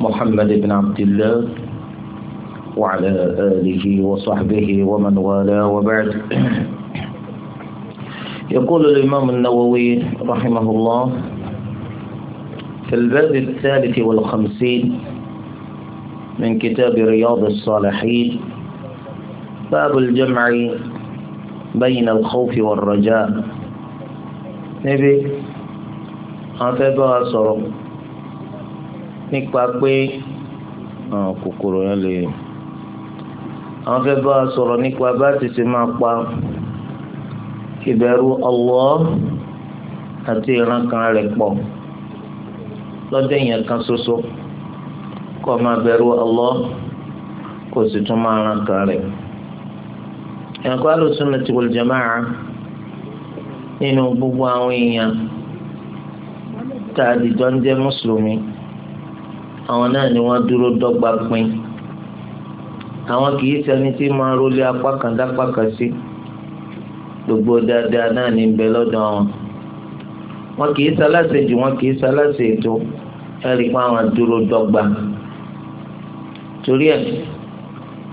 محمد بن عبد الله وعلى آله وصحبه ومن والاه وبعد يقول الإمام النووي رحمه الله في الباب الثالث والخمسين من كتاب رياض الصالحين باب الجمع بين الخوف والرجاء نبي أفبا صرم nípa pé àwọn kòkòrò yẹn lè àwọn fẹ́ bá a sọ̀rọ̀ nípa bá a ti ṣe máa pa ìbẹ̀rù Allah àti ìrankan rẹ̀ pọ̀ lọ́dẹ̀ yẹn kan ṣoṣo kó máa bẹ̀rù Allah kó sì tún máa rankan rẹ̀. ẹ̀kọ́ gbogbo àwọn èèyàn tá a dìjọ́ ń àwọn náà ni wọ́n dúró dọ́gba pin àwọn kì í ṣẹni tí máa rólé apá kan dápá kan sí gbogbo dáadáa náà ní bẹ lọ́dọ̀ wọn wọn kì í ṣaláṣe jù wọn kì í ṣaláṣe ètò ẹ̀rí pa àwọn dúró dọ́gba torí ẹ̀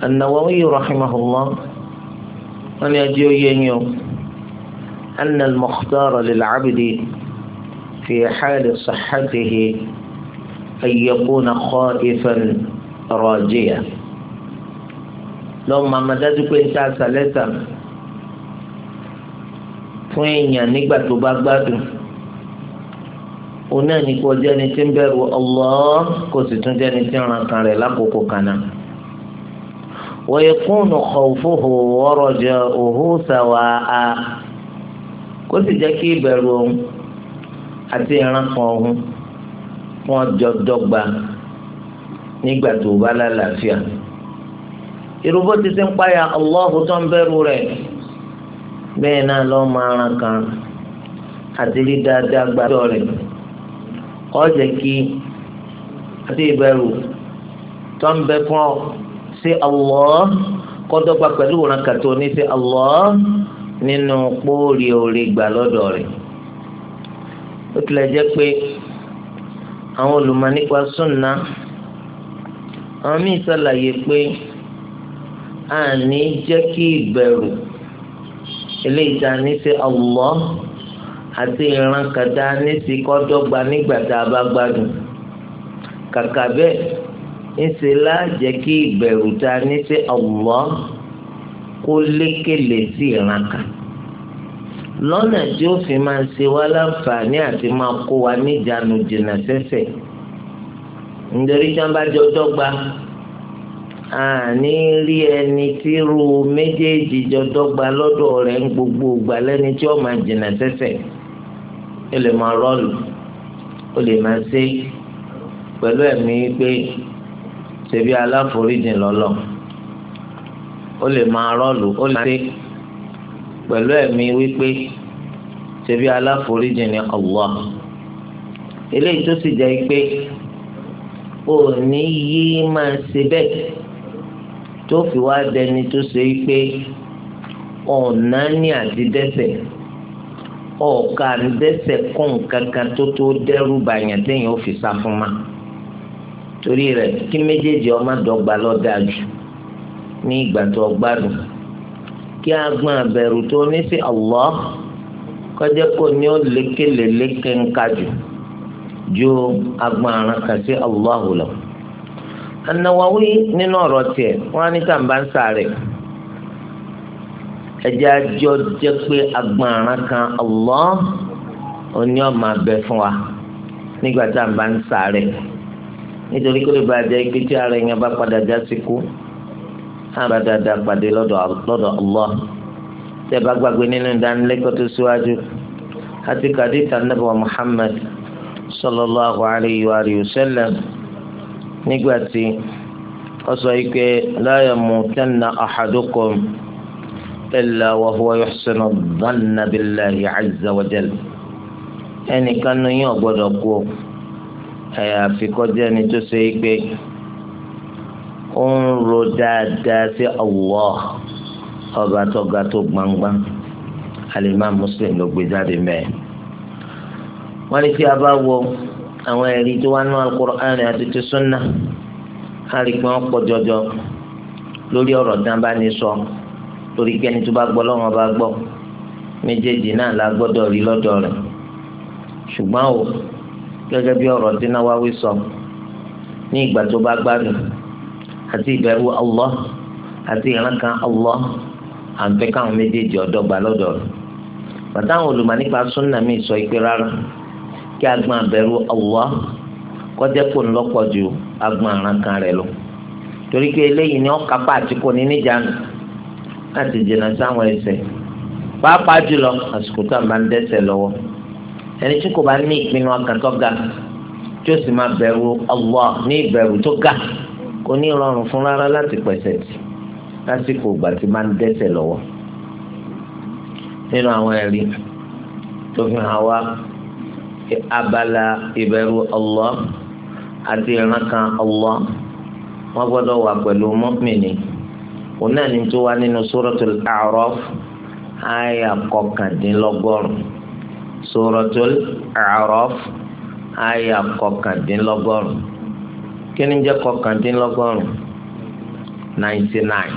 An-Nawawi rahimahullah wọn ni ẹjẹ oyè yín o anna al-mukhtara lil-abdi fi أن يكون خائفا راجيا lọ́mọ amadájú pé ń ta sàlẹ́sà fún èèyàn nígbà tó bá gbádùn òun náà ní kó jẹ́ni tí ń bẹ̀rù Allah kó sì tún jẹ́ni tí ń ran kan rẹ̀ lákòókò kan náà. wa yakunu khawfuhu wa raja'uhu sawa'a kó sì jẹ́ kí ìbẹ̀rù òun àti ìran òun wọn jọ dọ́gba nígbà tó bá lálàáfíà irúgbó ti ti ń páyà ọlọ́ọ̀hún tó ń bẹ̀rù rẹ̀ bẹ́ẹ̀ náà lọ́ máa ran kan àti rí dáadáa gbàdọ̀ rẹ̀ ọ̀jẹ̀ kí àti ìbẹ̀rù tó ń bẹ fún ọ sí ọlọ́ kọ́dọ́gba pẹ̀lú ìran kàtó ní sí ọlọ́ nínú póòrì òrè gbà lọ́dọ̀ rẹ̀ ó tilẹ̀ jẹ́ pé àwọn olùmọ̀ nípa súnà àwọn míì ṣàlàyé pé àní jẹ́ kí ìbẹ̀rù eléyìí tá a ní sí Allah àti ìran kàdá ní sí kọ́dọ́gba nígbà tá a bá gbádùn kàkà bẹ́ẹ̀ ńṣe láàjẹ́ kí ìbẹ̀rù tá a ní sí Allah kó lékele sí ìran kàdá lọ́nà tí ó fi máa ṣe wá láǹfààní àti máa kó wa níjànú jìnnà sẹ́sẹ̀ nítorí tí wọ́n bá jọ dọ́gba àní rí ẹni tí ru méjèèjì jọ dọ́gba lọ́dọ̀ rẹ̀ ń gbogbo ìgbà lẹ́ni tí ó máa jìnnà sẹ́sẹ̀ ó lè máa rọ́ọ̀lù ó lè máa ṣe pẹ̀lú ẹ̀mí pé ṣebí aláforíjìn lọ́lọ́ ó lè máa rọ́ọ̀lù ó lè máa ṣe pẹ̀lú ẹ̀mí wípé ṣebí aláforíjì ni Allah eléyìí tó sì jẹ́ pé ò ní yí máa ṣe bẹ́ẹ̀ tó fi wá dẹni tó ṣe pé ọ̀nà ní àti dẹ́ṣẹ̀ ọ̀ka dẹ́ṣẹ̀ kún kankan tó tó dẹ́rù bàyàn téèyàn ó fi sá fún ma torí rẹ̀ kí méjèèjì ọmọ dọ́gba lọ́ọ́ dáa jù ní ìgbà tó ọgbádùn kí agbọn àbẹ̀rù tó ní sí Allah kọjá kò ní ó lékele lékenka jù ju agbọn àrùn kan sí Allah lọ. An-Nawawi nínú ọ̀rọ̀ tiẹ̀ wọ́n á ní tàǹbà ń sáré ẹjẹ́ àjọ jẹ́ pé agbọn àrùn kan Allah ó ní ó máa bẹ fún wa nígbà tá ń bá nítorí kó lè bàjẹ́ ibi tí ara yẹn bá padà já sí sábà dáadáa pàdé lọ́dọ̀ Allah tẹ́ bá gbàgbé nínú ìdánilẹ́kọ̀ọ́ tó síwájú àti kàdíta nàbọ̀ Muhammad sallallahu alayhi wa sallam nígbà tí ó sọ pé la yamutanna ahadukum illa wa huwa yuhsinu dhanna billahi azza wa jal ẹnìkan ní yín ò kú àyàfi kó jẹ́ tó ṣe é pé ó ń ro dáadáa sí Allah ọba tó ga tó gbangba alimá muslim ló gbé jáde mẹ́ẹ̀. wọ́n ní tí a bá wo àwọn ẹ̀rí tó wá nínú al-Qur'an àti ti sunna a rí i pé wọ́n pọ̀ jọjọ lórí ọ̀rọ̀ tí wọ́n bá ní sọ lórí kẹ́ni tó bá gbọ́ lọ́wọ́n bá gbọ́ méjèèjì náà la gbọ́dọ̀ rí lọ́dọ̀ rẹ̀ ṣùgbọ́n o gẹ́gẹ́ bí ọ̀rọ̀ tí Nawawi sọ ní ìgbà tó bá gbádùn àti ìbẹ̀rù Allah àti ìrànkan Allah à ń fẹ́ káwọn méjèèjì ọ̀dọ́gba lọ́dọ̀ rẹ̀ bàtà àwọn olùmọ̀ nípa súnà mi sọ ìpè rárá kí agbọn àbẹ̀rù Allah kọjá kò ń lọ́pọ̀ ju agbọn àrànkan rẹ̀ lọ torí pé eléyìí ni ọkà pa àti kò ní níjànú láti jìnnà sáwọn ẹsẹ̀ pàápàá jùlọ àsìkò tó à ń bá ń dẹ́ṣẹ̀ lọ́wọ́ ẹni tí kò bá ní ìpinnu ọkàn tó ga tí ó sì máa bẹ̀rù Allah ní ìbẹ̀rù tó ga kò ní rọrùn fún rárá láti pẹ̀sẹ̀ tì lásìkò ìgbà tí máa ń dẹ́ṣẹ̀ lọ́wọ́ nínú àwọn ẹ̀rí tó fi hàn wá abala ìbẹ̀rù Allah àti ìrankan Allah wọ́n gbọ́dọ̀ wà pẹ̀lú mọ́mìnì òun náà ní tó wá nínú suratul A'raf àyà kọkàndínlọ́gọ́rùn suratul A'raf àyà kọkàndínlọ́gọ́rùn kíni jẹ́ kọkàndínlọ́gọ́rùn ninety nine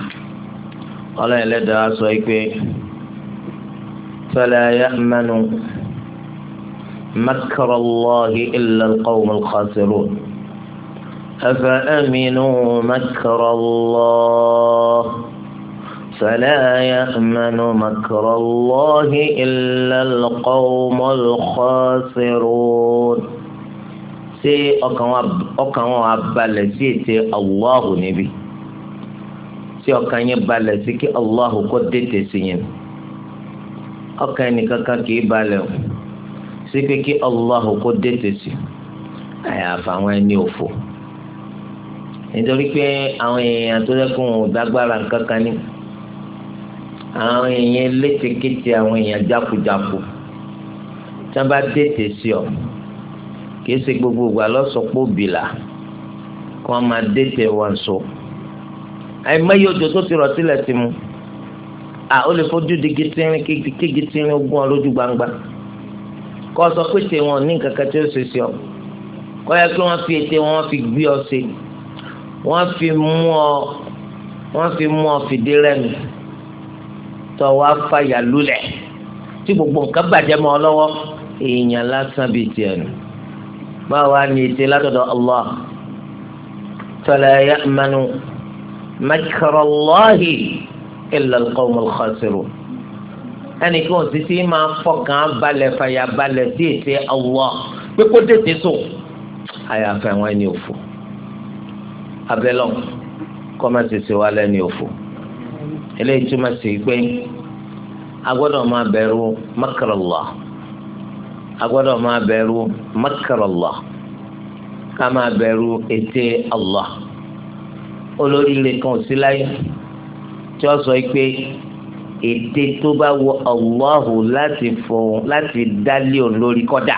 ọlọ́run ẹlẹ́dàá sọ pé fala ya'manu makra Allahi illa al-qawmul khasirun afa aminu makra Allah fala ya'manu makra Allahi illa al-qawmul khasirun. ṣé ọkàn wọn á balẹ̀ sí ètè Allahu níbi si ọkàn yẹn balẹ̀ sí kí Allahu kó dètè sí yẹn ọkàn ẹnìkankan kì í balẹ̀ o sí pé kí Allahu kó dètè sí àyàfà àwọn ẹni òfò nítorí pé àwọn èèyàn tó lẹ́kùn dágbára kankan ni àwọn èèyàn létekéte àwọn èèyàn jákujáku tí bá dètè sí ọ. kìí ṣe gbogbo ìgbà lọ́sọ̀pọ̀ bìlà kí wọ́n máa dẹ́tẹ̀ wọn so àìmọye òjò tó ti rọ̀ sílẹ̀ ti mu à ó lè fojú di gitirin kégi tirin ogún ọ lójú gbangba kọ́ sọ pé tè wọn ní nǹkan kan tí ó ṣe sí ọ kọ́ yẹ kí wọ́n fi ètè wọn fi gbé ọ sí wọ́n fi mú ọ wọ́n fi mú ọ fìdí rẹ́mi tó wá fàyà lulẹ̀ tí gbogbo nǹkan bàjẹ́ mọ́ ọ lọ́wọ́ èèyàn lásán bíi tiẹ̀ nù. ما wá ní ète látọ̀dọ̀ Allah fala ya'manu makrallahi illa alqawmul khasirun ẹnì kí wọn ti ti máa fọkàn balẹ̀ fàyà balẹ̀ sí ète Allah pé kó tètè sùn àyàfẹ́ wọn ẹni òfò abẹ́lọ́ kọ́mẹ́sì ti wá lẹ́ni òfò eléyìí túmọ̀ sí pé a máa bẹ̀rù makrallah agbọ́dọ̀ máa bẹ̀rù makarallah ká máa bẹ̀rù ète allah olóríire kan sí láyé tí ó sọ pé ète tó bá wọ allahu láti fọhùn láti dálé òun lórí kọ́dà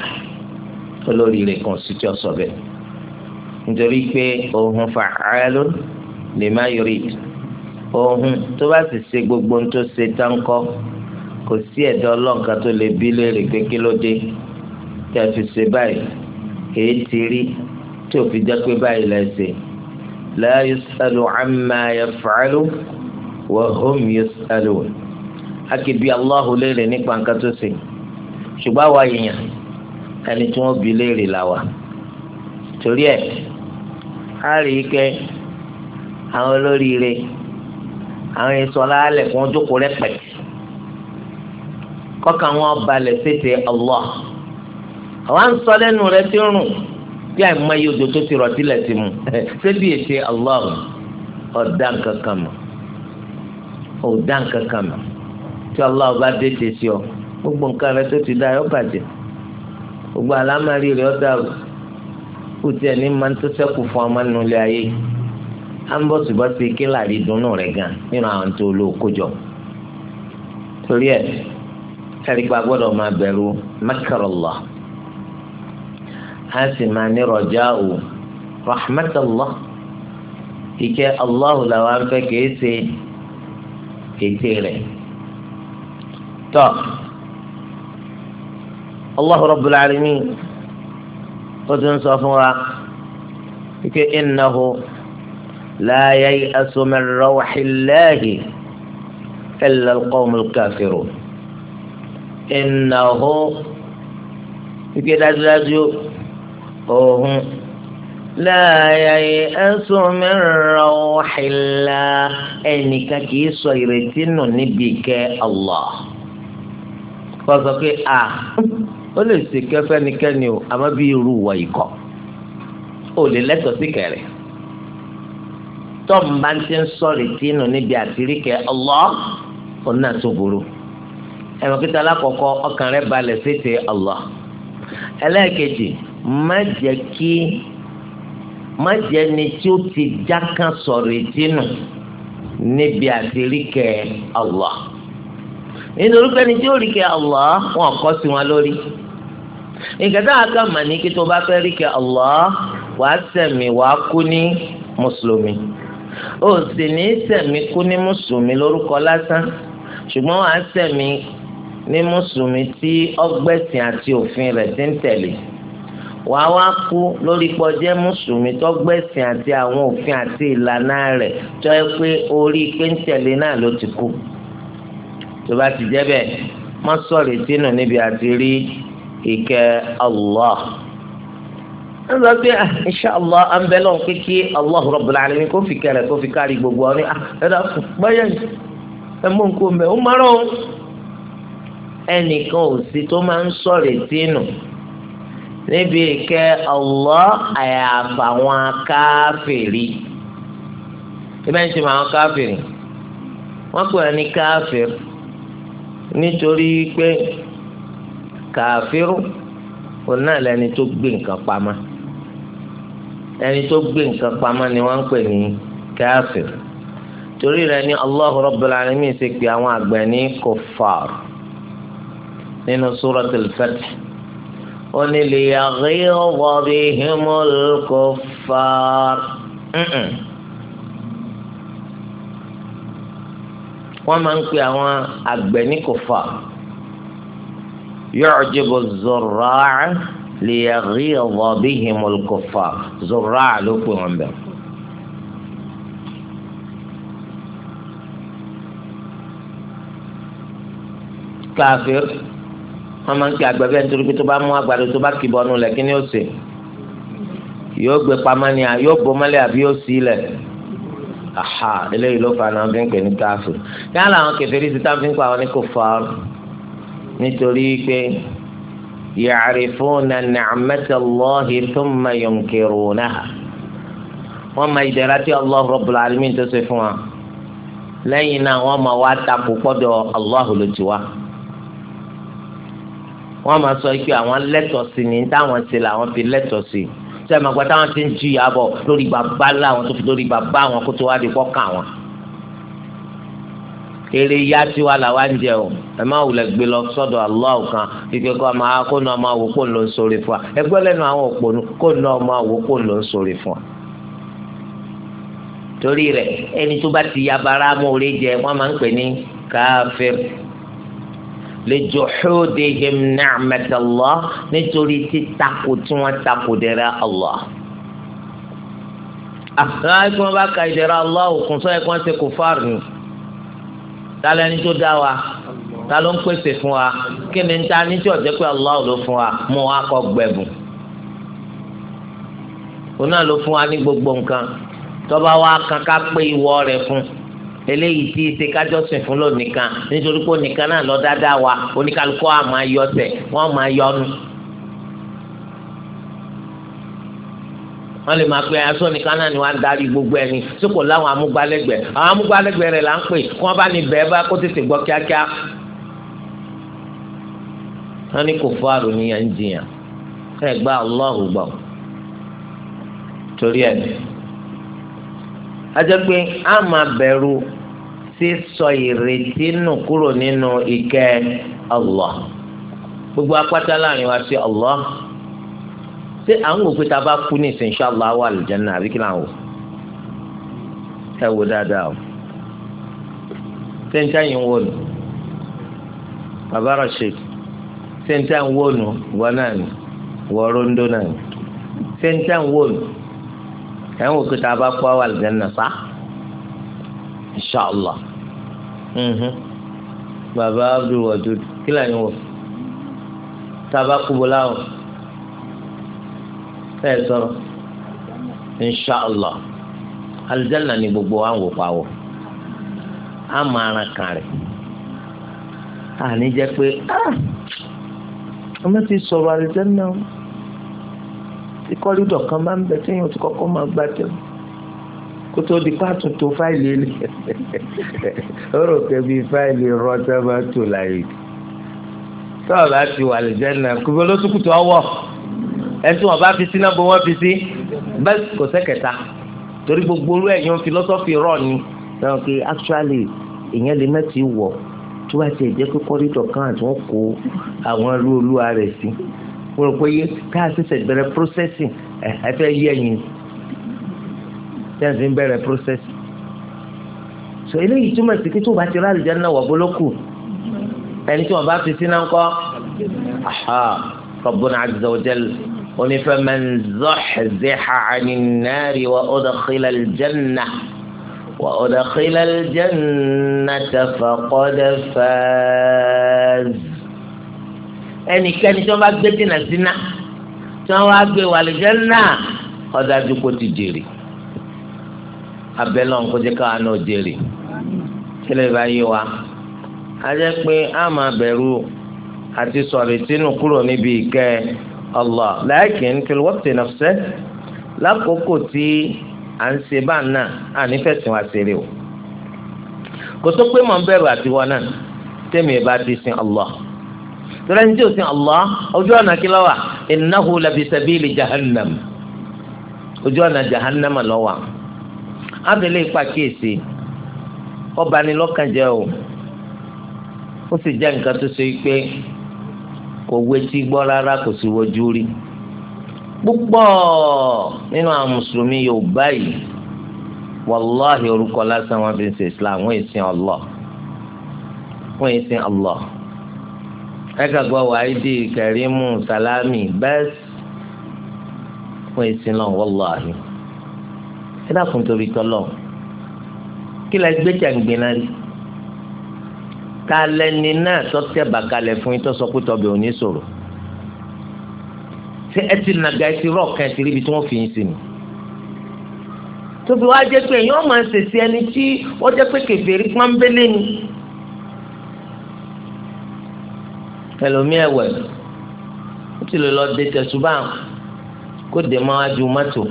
olóríire kan sí tí ó sọ bẹ́ẹ̀ nítorí pé òun fa'alun lima yurid òun tó bá sì ṣe gbogbo ohun tó ṣe tán kọ́ kò sí ẹ̀dá ọlọ́ǹkà tó lè bí léèrè pé kí ló dé tẹ́ fi ṣe báyìí kìí ti rí tí ò fi jẹ́ pé báyìí lẹ́ ṣe la yusalu amma yaf'alu wa hum yusalun a kì í bi Allahu léèrè nípa nǹkan tó ṣe ṣùgbọ́n àwa èèyàn ẹni tí wọ́n bi léèrè làwà torí ẹ̀ á rí i kẹ́ àwọn olóríire àwọn ìsọlá alẹ̀ fún ojókòó rẹ̀ pẹ̀tì kọ́kàn wọn balẹ̀ sétè Allah. àwa ń sọ lẹ́nu rẹ ti ya bí ma yi tó ti ti mu ṣébi ètè Allah ọ̀dà nǹkan kan mọ̀ ọ̀dà nǹkan kan mọ̀ tí Allah bá sí ọ gbogbo nǹkan rẹ tó ti da yọ gbogbo àlámàrí rẹ ọ̀dà kù tiẹ̀ ní máa ń tó sẹ́kù fún ọmọ nínú ilé ayé rẹ gan nínú àwọn a sì máa ní rọjá o rahmatulah ìkẹ́ Allahu làwọn afẹ́ kìí ṣe ète rẹ̀ tọ́ Allahu rabbul alamin ó ti ń sọ fún wa ìkẹ́ innahu la ya'asu min rawhillahi alqawmul kafirun innahu ìkẹ́ dájúdájú. òhun láàyè ẹ̀sùn mìíràn ọ̀hìnlá ẹnìkan kì í sọ ìrètí nù níbi ọlọ. Allah pé a ó lè o àmọ́ bí irú wọ ikọ̀ ó lè lẹ́tọ̀ọ́ sí kẹrẹ tọ́m bá ń ti ń sọ ìrètí nù níbi àtiríkẹ́ Allah òun náà tó burú ẹ̀rọ kíta alákọ̀ọ́kọ́ ọkàn rẹ̀ balẹ̀ má jẹ́ kí má jẹ́ ni tí ó ti jákàn sọ̀rọ̀ ìdínú níbi àtiríkẹ́ Allah nítorí pé ni tí ó ríkẹ́ Allah wọn kọ́ sí wọn lórí ìgbàdá àkà mà ní kí tó bá fẹ́ ríkẹ́ Allah wàá sẹ̀mí wàá kú ní mùsùlùmí ó sì ní sẹ̀mí kú ní mùsùlùmí lórúkọ lásán ṣùgbọ́n wàá sẹ̀mí ní mùsùlùmí tí ọgbẹ́sìn àti òfin rẹ̀ ti ń tẹ̀lé. wàá wá kú lórí pọ̀jẹ́ mùsùlùmí tó gbẹ̀sìn àti àwọn òfin àti ìlànà rẹ̀ tó yẹ pé orí péńtẹ̀lé náà ló ti kú tó bá ti jẹ́ bẹ́ẹ̀ má sọ̀rọ̀ ìtinú níbi àti rí ìkẹ́ Allah ah, ń lọ insha Allah anbẹ́lọ́ pé kí Allah Rabbul Alamin kó fi kẹrẹ̀ gbogbo ọ ní ah, ẹ̀dá ẹ̀ mú nǹkan mẹ́ ẹnìkan ò sí tó máa níbi ìkẹ́ Allah àyàfà wọn káfìrí ibẹ̀ ń ṣe màá káfìrí wọ́n pè é ní káfìrí nítorí pé kàfírù òun náà lẹni tó gbé nǹkan pamọ́ ẹni tó gbé nǹkan pamọ́ ni wọ́n ń pè ní káfírù torí rẹ̀ ni Allahu Rabbul Alamin ṣe pé àwọn àgbẹ̀ ní kòfàr nínú Suratul Fath oni liyaghiza bihimul kuffar wọ́n máa ń pe àwọn àgbẹ̀ ní kuffar yu'jibu az-zurra'a liyaghiza bihimul kuffar zurra'a ló pè wọ́n bẹ́ẹ̀. kafir wọ́n máa ń pe àgbàdo ẹni torí pé tó bá mú àgbàdo tó bá kì bọ́nu lẹ̀ kí ni ó sè yóò gbé pamọ́ ni à yóò bọ́ mọ́lẹ̀ àbí yóò sí lẹ̀ aha eléyìí ló fa náà fi ń pè ní káfù yálà àwọn kẹfẹ́rí ti tá fi ń pa àwọn ní kò fa nítorí pé ya'rifuna ni'matallahi thumma yunkirunaha wọ́n máa ìdẹ̀ra tí Allah Rabbul Alamin tó ṣe fún wa lẹ́yìn náà wọ́n máa wá takò pọ́dọ̀ Allah ló ti wọ́n máa sọ pé àwọn lẹ́tọ̀ọ̀sì ní táwọn ti làwọn fi lẹ́tọ̀ọ̀sì sẹ́mi àgbà táwọn ti ń jìyà bọ̀ lórí bàbá làwọn tó fi lórí bàbá àwọn kó tó wá di kọ́ kà wọ́n. eré yá tiwa làwa ń jẹ o ẹ má wulẹ̀ gbé lọ sọ́dọ̀ Allah kan kíkẹ́ kó máa kó náà máa wò kó ló ń sórí fún wa ẹgbẹ́ lẹ́nu àwọn òpònú kó náà máa wò kó ló ń sórí fún wa. torí rẹ̀ ẹni tó bá ti yabara mọ́ orí jẹ wọ́n máa ń pè ní káfíìrì lè juhudihim ni'matallah nítorí títakò tí wọ́n takò dẹ̀ra Allah àkàrà tí wọ́n bá ka ìdẹ̀ra Allah òkun sọ ẹ̀kọ́ ṣe kò fáàrù ni tálẹ̀ ní tó dá wa ta ló ń pèsè fún wa kí ni ta ní tí ọ̀jẹ́ pé Allah ló fún wa mú wa kọ́ gbẹ̀bùn òun náà ló fún wa ní gbogbo nǹkan tọ́ba wa kan ká pé ìwọ rẹ̀ fún un eléyìí tí ṣe kájọsìn fún lónìkan nítorí pé onìkan náà lọ dáadáa wa oníkálukú á máa yọ ọsẹ wọn máa yọ ọnu. wọ́n lè máa pe aṣọ nìkan náà ni wọ́n á darí gbogbo ẹni tí kò láwọn amúgbálẹ́gbẹ̀ẹ́ àwọn amúgbálẹ́gbẹ̀ẹ́ rẹ̀ là ń pè kí wọ́n bá ní bẹ́ẹ̀ bá kó tètè gbọ́ kíákíá. wọ́n ní kò fọ́ àròyìn yẹn ń jiyàn ẹ gbá ọlọ́ọ̀hùn gbọ́ torí ẹ̀ ajẹ́ pé a máa bẹ̀rù sísọ ìrètí nù kúrò nínú ìkẹ́ Allah gbogbo apáta láàrin wa sí Allah ṣé à ń wò pé tá a bá kú ní ìsìn ṣáàlá wà lùjánná àbí kí là ń wò ẹ wò dáadáa o sẹ́ńtà yìí ń wò nù bàbá Rashid sẹ́ńtà ń wò nù ìwọ náà nù ìwọ rondo náà nù ń wò nù ẹ̀ ń wò pé tá a bá kó àwọn àlùjánnà sá inshàlá mhm. bàbá abdulwadud kí lẹ́yìn wò tá a bá kú bọ́lá o ẹ sọ̀rọ̀ inshàlá àlùjánnà ni gbogbo wa ń wò pa wò á máa ran kan rẹ̀ pé ah, ọmọ ti sọ̀rọ̀ àlùjánnà o tí kọ́rídọ̀ kan máa ń bẹ tí yóò ti kọ́kọ́ máa gbá tẹ̀ kó tó di pàtó tó fáìlì ẹlẹ́ ó rò pé bí fáìlì rọ́jà bá tó láàyè tọ́ọ̀ bá ti wà lè jẹ́nà kúbẹ́ ló túkùtù ọwọ́ ẹtù wọn bá fi sí náà bó wọ́n fi sí bẹ́ẹ̀ kò sẹ́kẹ̀ta torí gbogbo orú ẹ̀yàn philosophy rọ̀ ni náà pé actually èèyàn lè mẹ́tì wọ̀ tó bá ti jẹ́ pé kọ́rídọ̀ kan àti wọ́n kó àwọn ẹrú olúwa rẹ̀ sí wọ́n rò pé yé tá a eh, ẹ fẹ́ yí ẹ̀yìn tẹ́sí ń bẹ̀rẹ̀ so eléyìí túmọ̀ sí kí tó bá ti rà lìjẹ́ náà wọ̀ bólókù ẹni tí wọ́n bá fi sínú ńkọ́ Rabbuna azza wa jal onífẹ́mẹ́n zọ́ọ̀xẹ̀zẹ́xà àní wà ọ̀dọ̀ xilal jẹ́nà wà ọ̀dọ̀ xilal jẹ́nà tẹ̀fẹ̀ kọ́dẹ̀ fẹ́ẹ́ ẹnikẹ́ni tí wọ́n bá gbé dènà síná tí wọ́n wá gbé wà lẹ́jẹ́ náà ọ̀dájú kò ti jèrè abẹ́lẹ̀ ọ̀nkọ́ jẹ́ káwa náà jèrè kílẹ̀ bá yé wa a pé a bẹ̀rù àti sọ̀rọ̀ ìtinú kúrò níbi ìkẹ́ Allah láìkín kí ló wọ́pẹ̀ nafsẹ́ lákòókò tí à ń ṣe bá náà à nífẹ̀ẹ́ tí wàá ṣeré o kò tó pé mò ń bẹ̀rù àtiwọ́ náà tẹ́mi ẹ̀ bá ti sin Allah tọ́lá ẹni tí ò sin Allah ojú ọ̀nà kí lọ́wà innahu labi sabili jahannam ojú ọ̀nà jahannam lọ́wà abẹ́lẹ́ ipa kíyèsí ọba ni lọ́kàn jẹ́ o ó sì jẹ́ nǹkan tó ṣe pé kò wetí gbọ́ rárá kò sì wojú rí púpọ̀ nínú àwọn mùsùlùmí Yorùbá yìí wàláhì orúkọ lásán wọn fi ń ṣe Islam wọn ì sin Allah wọn ì sin Allah ẹ̀ka gbọ́ wàhídì kẹrìmù sàlámì bẹ́ẹ̀sì fún ìsìn náà wọ́láhì ẹ dákun torí tọ́lọ̀ kí la gbé jàǹgbìn náà rí ta lẹni náà tọ́tẹ̀ bàkalẹ̀ fún yín tó sọ pé tọ́bẹ̀ ò ní sọ̀rọ̀ ṣé ẹ ti nàgà ẹ ti rọ̀ kan ti ríbi tí wọ́n fi yín sí ni tóbi wá jẹ́ pé èèyàn máa ń ṣèṣe ẹni tí ó jẹ́ pé kèfèrí pọ́nbélé ni. ẹlòmí ẹ̀wẹ̀ ó ti lè lọ de tẹ̀sùbà kó dè má wá ju mọ́tò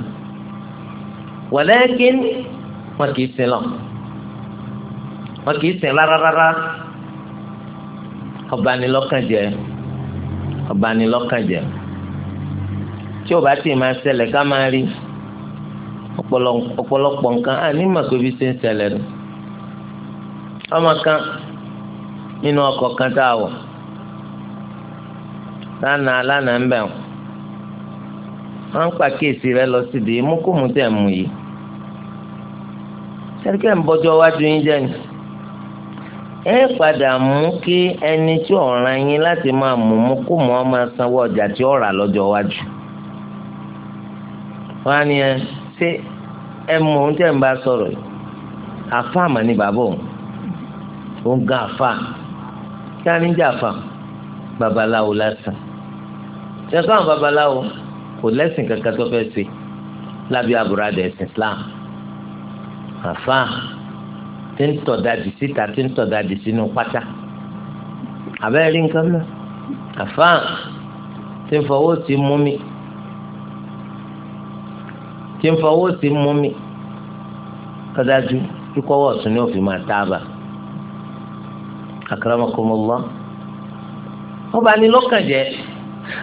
wọ̀lẹ́kín wọn kì í sin lọ wọn kì í sin rárára ọbanilọ́kànjẹ́ ọbanilọ́kànjẹ́ tí o bá ti máa ṣẹlẹ̀ ká máa rí ọ̀pọ̀lọpọ̀ nǹkan á ní màkòbí ṣe ń ṣẹlẹ̀ nù ọmọ kan nínú ọkọ̀ kan tá a wọ̀. lánàá lánàá ń bẹ̀ wọ́n ń pàkíyèsí rẹ lọ síbi ìmúkùmù tẹ̀ mú yìí sẹ́ríkẹ́ ń bọ́jọ́ wájú yín jẹ́ ni ẹ padà mú kí ẹni tí ọ̀ràn yín láti máa mú mú kó ọ máa sanwó ọjà tí ó lọ́jọ́ wájú wọ́n á ní ẹ ṣé ẹ mọ ohun tẹ́ ń bá sọ̀rọ̀ yìí àfa bàbá òun ga àfa kí á ní àfa babaláwo lásán. ṣẹ́kọ́ àwọn babaláwo kò lẹ́sìn kankan tó fẹ́ ṣe lábẹ́ àbúradà ẹ̀sìn Islam àfa tí ń tọ̀dàdì síta tí ń tọ̀dàdì sínú pátá àbẹ́rẹ́ rí nǹkan mọ́ àfa tí ń fọwọ́ sí mú mi tí ń fọwọ́ sí mú mi tọ́dájú kíkọ́wọ́ ọ̀tún ni òfin máa tábà akramakumullah ó bá ní lọ́kàn jẹ́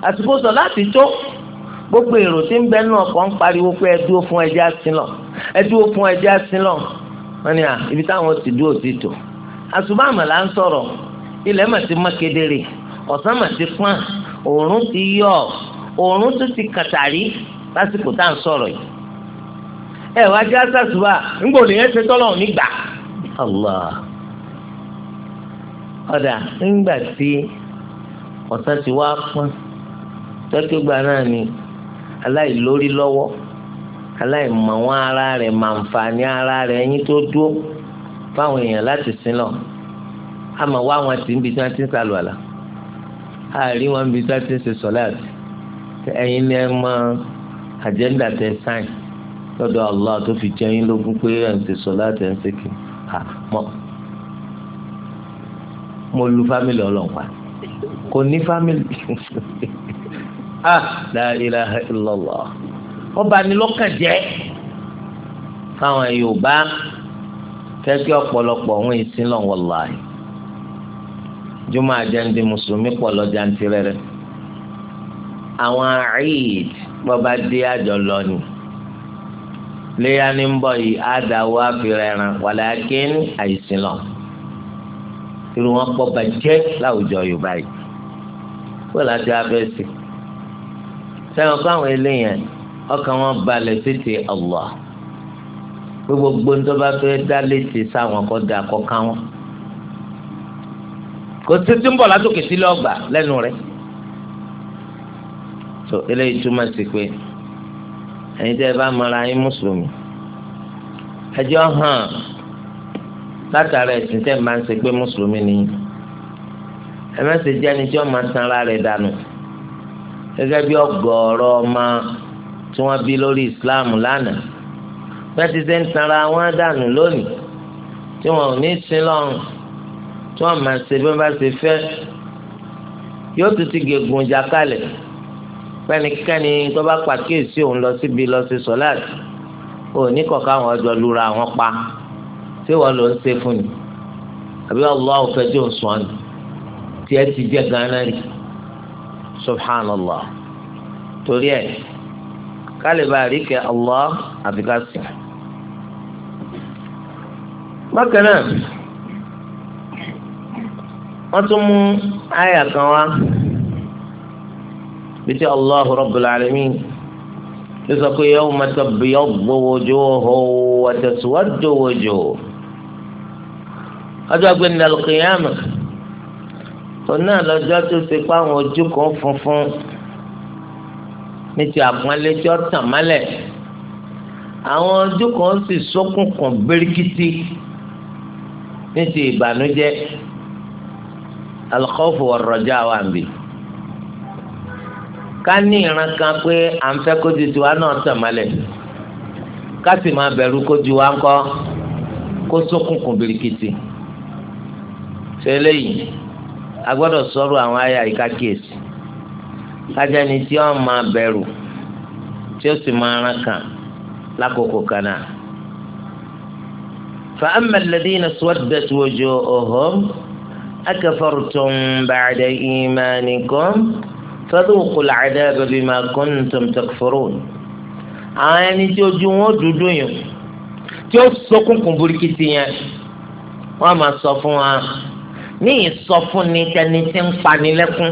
àsìkò sọ láti tó gbogbo èrò tí ń bẹ nínú ọkọ̀ ń pariwo pé ẹ dúró fún ẹjẹ́ àsìlọ̀ ẹ dúró fún ẹjẹ́ àsìlọ̀ wọ́n ní à ibi táwọn ti dúró ti tò àsùbá àmàlà ń sọ̀rọ̀ ilẹ̀ mà ti mọ́ kedere ọ̀sán mà ti pọ́n òórùn ti yọ òórùn tó ti kàtàrí lásìkò tá à ń sọ̀rọ̀ yìí ẹ wá jẹ́ àsàsùbà ńgbò nìyẹn ṣe tọ́lọ̀ nígbà Allah ọ̀dà ńgbà tí ọ̀sán ti wá pọ́n tọ́kígbà náà ni aláìlórí lọ́wọ́ aláìmọ̀wọ́n ara rẹ̀ màǹfààní ara rẹ̀ ẹyin tó dúró fáwọn èèyàn láti sin lọ àmọ́ wá wọn tí ń bi tí wọ́n ti ń sàlù àlà àárí wọn bi tí wọ́n ti ń ṣe sọ́láàtì ẹ̀yin ni ẹ mọ àjẹ́ndà tẹ sáìn lọ́dọ̀ Allah tó fi jẹ́ yín lógún pé ẹ̀ ń ṣe sọ́láàtì ẹ̀ ń ṣe kí mọ́ mo lu fámìlì ọlọ́pàá kò ní fámìlì ah la ilaha illallah ọba ni lọ́kàn jẹ́ fáwọn yorùbá kẹ́kẹ́ ọ̀pọ̀lọpọ̀ ọ̀hún ìsìn lọ wàláhì jùmọ̀ àjẹ́ndì mùsùlùmí pọ̀ lọ́jà ń tirẹ̀rẹ̀ àwọn eid bọ́ba dé àjọ lọ ni léyà ní ń bọ̀ yìí àdáwó àfihàn wàlákìn àìsìn lọ irun wọn pọ̀ bàjẹ́ láwùjọ yorùbá yìí wọ́n láti abẹ́ sí sẹ́wọ̀n káwọn eléyẹn ọkàn wọn balẹ̀ títí Allah gbogbo ńdọ́ba fẹ́ dá létí sáwọn kọ́ da kọ́ ká wọn kò sí tí ń bọ̀ látòkè sílẹ̀ ọgbà lẹ́nu rẹ̀ tó eléyìí túmọ̀ sí pé ẹ̀yin tẹ́ ẹ bá mara yín mùsùlùmí ẹjọ́ hàn látara ẹ̀sìn tẹ́ ẹ máa ń ṣe pé mùsùlùmí nìyí ẹ má ṣe jẹ́ ẹni tí wọ́n máa sanra rẹ̀ dànù gẹ́gẹ́ bí ọgọ́rọ̀ ọmọ tí wọ́n bí lórí islam lánàá wọ́n ti ṣe ń tanra wọn dànù lónìí tí wọn ò ní sin lọ́rùn tí wọ́n máa ṣe bí wọ́n bá ṣe fẹ́ yóò tún ti gègùn jà kalẹ̀ pẹ́nikẹ́ni tó bá pàkíyèsí òun lọ síbi lọ sí sọ́láàtì òní kọ̀ọ̀kan àwọn ọjọ́ lura àwọn pa tí wọ́n lọ ń ṣe fún ni àbí ọlọ́ọ̀ fẹjọ́ sùn ọ́nù tí ti jẹ́ ganan rí. subhanallah torí ẹ̀ kálíbà àríkẹ́ allah àbíkásí. bákan náà wọ́n tún mú àyà kan wá bíi allah rabbul alamin ló sọ pé yawma tabyaddu wujuhun wa taswaddu wujuhun ọjọ́ gbẹ̀ndàlùkìyàmù. òun náà lọ́jọ́ tó ṣe pé àwọn ojú kan funfun ní ti àpọ́nlé tí ó tàn mọ́lẹ̀ àwọn ojú kan sì ṣókùnkùn birikiti ní ti ìbànújẹ́ alkhawfu warraja wà níbí ká ní ìran kan pé à ń fẹ́ kójú tiwa náà tàn mọ́lẹ̀ ká sì máa bẹ̀rù kójú wa ńkọ́ kó ṣókùnkùn birikiti ṣe eléyìí a gbọ́dọ̀ sọ̀rọ̀ àwọn àyà yìí kákìyèsí kájà ni tí wọ́n máa bẹ̀rù tí ó sì máa rán kàn lákòókò kan náà. فأما الذين اسودت وجوههم أكفرتم بعد إيمانكم فذوقوا العذاب بما كنتم تكفرون àwọn ẹni tí ojú wọn dúdú yìí tí ó sọkùnkùn burúkú ti yẹn wọ́n máa sọ fún wa ní ìsọfúnni tẹni tí ń panilẹ́kún.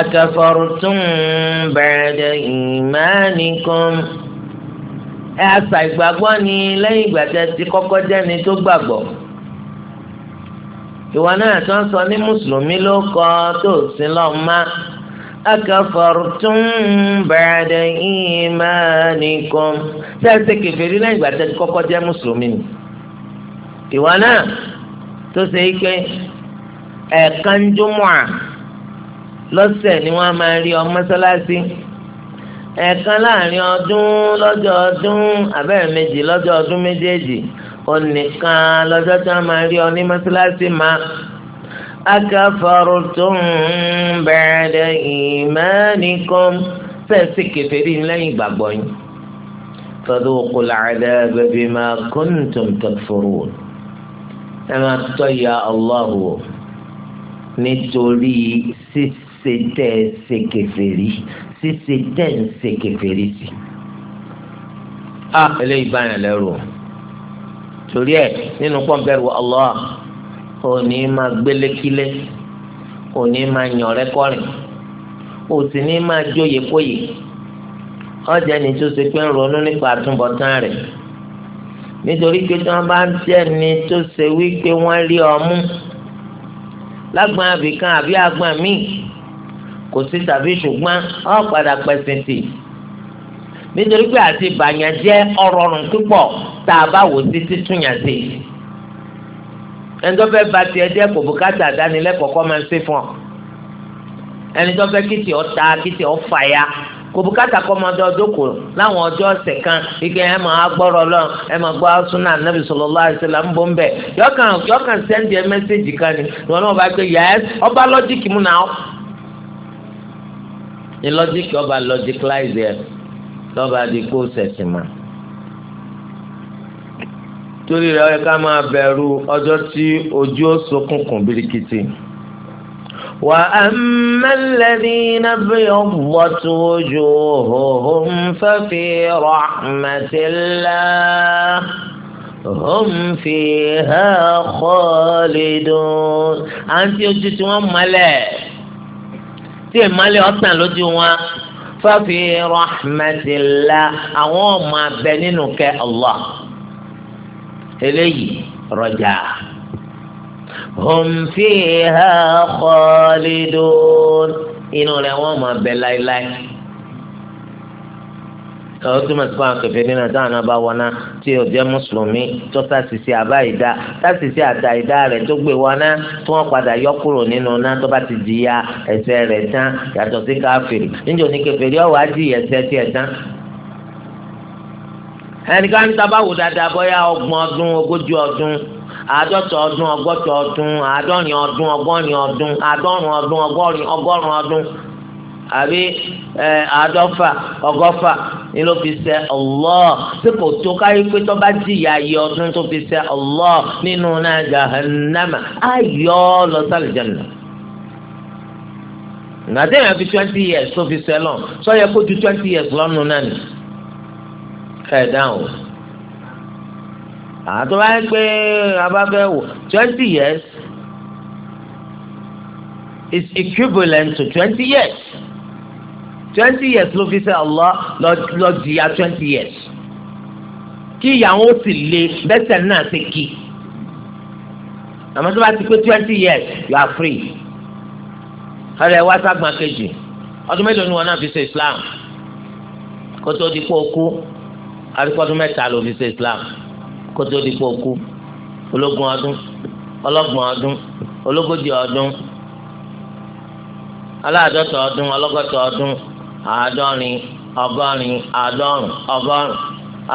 akafartum ba'da imanikum. ẹ àṣà ìgbàgbọ́ ni lẹ́yìn ìgbà tẹ ti kọ́kọ́ jẹ́ni tó gbàgbọ́. ìwọ náà tó ń sọ ní mùsùlùmí ló kọ tó sí lọ́ọ́ má. akafartum ba'da imanikum. tẹ́sí kẹfẹ́rí lẹ́yìn ìgbà tẹ ti kọ́kọ́ jẹ́ mùsùlùmí ni. ìwọ náà tó ṣe é pé ẹ̀ẹ̀kan júmọ́ à lọ́sẹ̀ ni wọ́n máa rí ọ mọ́sálásí ẹ̀ẹ̀kan láàrin ọdún lọ́jọ́ ọdún abẹ́rẹ́ méjì lọ́jọ́ ọdún méjèèjì onìkan lọ́jọ́ tí wọ́n máa rí ọ ní mọ́sálásí máa. أكفرتم بعد إيمانكم فسكتر لي بابوين فذوقوا العذاب بما كنتم تكفرون ẹ máa ya Allah wò nítorí ṣíṣe tẹ́ ẹ ṣe kèfèrí ṣíṣe tẹ́ ẹ ṣe kèfèrí sí. a eléyìí bá yàn lẹ́rù torí ẹ nínú pọ́ńpẹ́rù Allah òní máa gbélékílé òní máa yàn rẹ́kọ́rìn òsì ní máa jóye kóye ọjà ni tó ṣe pé ń ronú nípa àtúbọ̀tán rẹ̀ nítorí pé tí wọ́n bá ń jẹ́ ni tó ṣe wípé wọ́n rí ọmú lágbọn abìkan àbí agbọn míì kò sí tàbí ṣùgbọ́n ọ̀ padà pẹ̀sìn tì nítorí pé àti ìbàyàn jẹ́ ọ̀rọ̀ ọ̀rùn púpọ̀ tá a bá wò sí títún yàn sí ẹni tó fẹ́ ba tiẹ̀ jẹ́ kò bùkátà àdánilẹ́kọ̀ọ́ kọ́ máa ń ṣe fún ọ ẹni tó fẹ́ kìtì ọ̀ ta kìtì ọ̀ fàya kò bùkátà kọ́ máa dọ́dọ́kọ láwọn ọjọ́ ọ̀sẹ̀ kan ike ẹ máa gbọ́rọ̀ lọ́n ẹ máa gbọ́ súnà nàbì sallallahu alaihi wasallam ń bọ́ yọkàn yọkàn sẹ́ndì kan ni wọn náà bá gbé yẹs ọba lọ́jíìkì mú náà ní lọ́jíìkì ọba lọ́jíìkìláìsì ẹ lọ́ba di kó sẹ̀sìn torí rẹ̀ ká máa bẹ̀rù ọjọ́ ojú ó birikiti. وأما الذين ابيضت وجوههم ففي رحمة الله هم فيها خالدون أنت يجيت وملا تمالي أصلا لجوا ففي رحمة الله أو ما بينك الله إلي رجاء هم فيها خالدون، إنه rẹ̀ wọ́n máa bẹ láéláé ọ túmọ̀ sí fún akẹ́fẹ́ nínú táwọn náà bá wọná tí ó jẹ́ mùsùlùmí tó sàṣìṣe àbá ìdá sàṣìṣe àtà ìdá rẹ̀ tó gbé wọná tí wọ́n padà yọ kúrò nínú náà tó bá ti jìyà ẹ̀ṣẹ̀ rẹ̀ tán yàtọ̀ sí káfíìrì níjọ́ ní kẹfẹ́rí ọ̀wá jì ẹ̀ṣẹ̀ tiẹ̀ tán. ẹnìkan ń tabáwò dáadáa bóyá ọgbọ̀n ọdún ogójì ọdún àádọ́ta ọdún ọgọ́ta ọdún àádọ́rin ọdún ọgọ́rin ọdún àádọ́rùn ọdún ọgọ́rin ọgọ́rùn ọdún àbí àádọ́fà ọgọ́fà ni ló fi ṣe Allah tí kò tó káyé pé tó bá jìyà ayé ọdún tó fi ṣe Allah nínú náà jahannama ayọ̀ lọ sálì jẹ̀nà. nàdé yẹn fi twenty years tó fi ṣe lọ sọ yẹ kó ju twenty years lọ́nu náà ni. ẹ̀ dáhùn àtọ́ ah, bá ń pé abáfẹ́ wò twenty years is equivalent to twenty years twenty years ló fi ṣe Allah lọ jìyà twenty years kí ìyàwó sì le bẹ́sẹ̀ náà ṣe kí àmọ́ tó bá ti pé twenty years you are free ọ̀rẹ́ wá ságbọn kejì ọdún mélòó ni wọn náà fi ṣe Islam kó tó di kó o kú àdúgbò ọdún mẹ́ta ló fi ṣe Islam kótó di pọ̀ kú ológun ọdún ọlọ́gbọ̀n ọdún ológójì ọdún aláàdọ́ta ọdún ọlọ́gọ́ta ọdún àádọ́rin ọgọ́rin àádọ́rùn ọgọ́rùn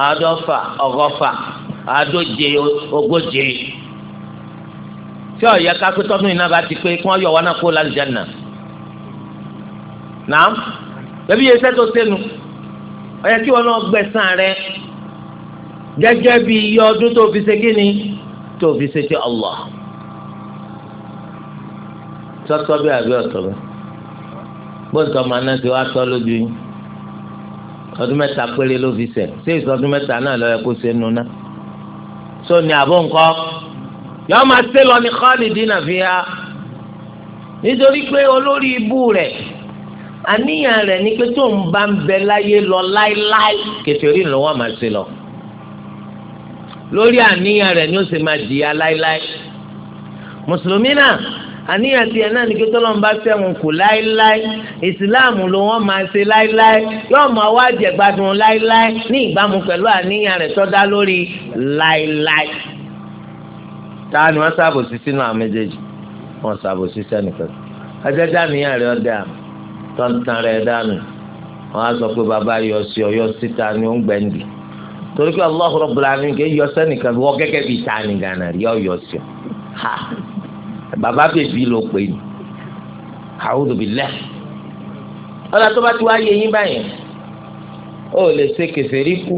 àádọ́fà ọgọ́fà àádóje ogóje tí ọ̀yẹ́ kápẹ́tọ́dún iná bá ti pé kí wọ́n yọ wọn náà kó lálùjáná náà bẹ́bí yẹn sẹ́tọ̀ sẹ́nu ọ̀yẹ́ kí wọ́n náà gbẹ̀sán rẹ̀ gẹ́gẹ́ bí iye ọdún tó fi ṣe kíni tó fi ṣe ti Allah tọ́tọ́ bí àbí ọ̀tọ̀ bẹ́ẹ̀ bóńtọ́ máa ná ti wá tọ́ lójú yín ọdún mẹ́ta péré ló fi ṣe ṣé ìsọdún mẹ́ta náà lọ́ọ́ yẹ kó ṣe nu ná tó ní àbó ńkọ́ yọọ máa ṣe lọ ní khalidina fiha nítorí pé olórí ibú rẹ̀ àníyàn rẹ̀ ni pé tó ń bá ń bẹ láyé lọ láéláé kẹfẹ́rì ló wà máa ṣe lọ lórí àníyàn rẹ̀ ni ó sì máa jìyà láéláé mùsùlùmí náà àníyàn tiẹ̀ náà ní kí tọ́lọ́n bá fẹ́ràn kù láéláé ìsìláàmù ló wọ́n máa ṣe láéláé yóò máa wá jẹ̀gbádùn láéláé ní ìbámu pẹ̀lú àníyàn rẹ̀ tó dá lórí láéláé. ta ni wọ́n sábò sí sínú àwọn méjèèjì wọ́n sábò sí sẹ́nìkan ajẹ́jẹ́ àníyàn rẹ̀ ọ̀dà tọ́ntàn rẹ̀ dànù wọ́n á sọ pé bàbá yọ sí ọ yọ síta ni ó ń gbẹ̀ǹdì torí pé Allahu Rabbul Alamin kì í yọ sẹ́nìkan wọ́n gẹ́gẹ́ bíi ta ni gánà rí ọ̀yọ́ sí ọ ha bàbá bèbí ló pè ní a'udhu billah ọ̀là tó bá ti wá yẹ yín báyẹn ó lè ṣe kèfèrí kú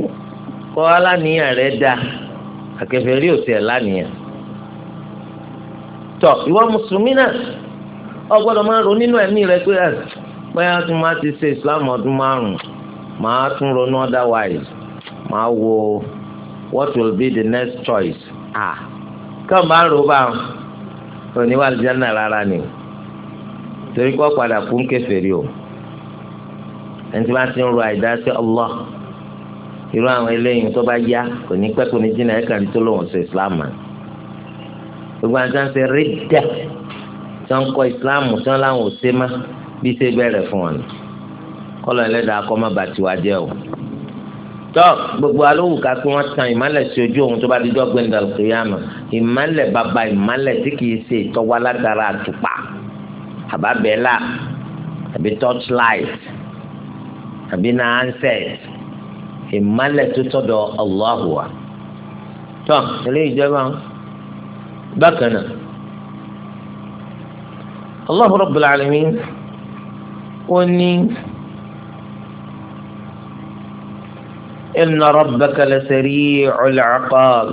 kọ́ aláníyàn rẹ̀ dá àkèfèrí ò tiẹ̀ láníyàn tọ ìwọ mùsùlùmí náà o gbọ́dọ̀ máa ronú nínú ẹ̀mí rẹ pé ẹ ah, bóyá tí wọn ti ṣe Islam ọdún márùn máa tún ronú otherwise máa wo what will be the next choice ah kàn bá ń rò bá wọn òní wà lójà náà rárá ni torí kọ́ padà kú ń kèfèrí o ẹni tí wọ́n ti ń ro àìdá sí Allah irú àwọn eléyìí tó bá yá kò ní pẹ́ kò ní jìnnà ẹ̀ka ní tó lòun sọ Islam mọ́ gbogbo àti àti rídà tí wọ́n kọ́ Islam tí wọ́n láwọn ò sé má bí ṣe bẹ̀rẹ̀ fún wọn kọ́lọ̀ ẹlẹ́dàá kọ́ má bàtí wá jẹ́ o tọ́ gbogbo alówó ká kí wọ́n tan ìmálẹ̀ sí ojú òun tó bá di dọ́gbẹ́ ndàlùkìyàmù ìmálẹ̀ bàbá ìmálẹ̀ tí kìí ṣe ìtọ́wá ládàra àtùpà àbábẹ́là àbí torchlight àbí nansẹ̀ ìmálẹ̀ tó tọ̀dọ̀ ọlọ́hùwà tọ́ ilé ìjọba bákan náà Allahu Rabbul Alamin ó ní. إن ربك لسريع العقاب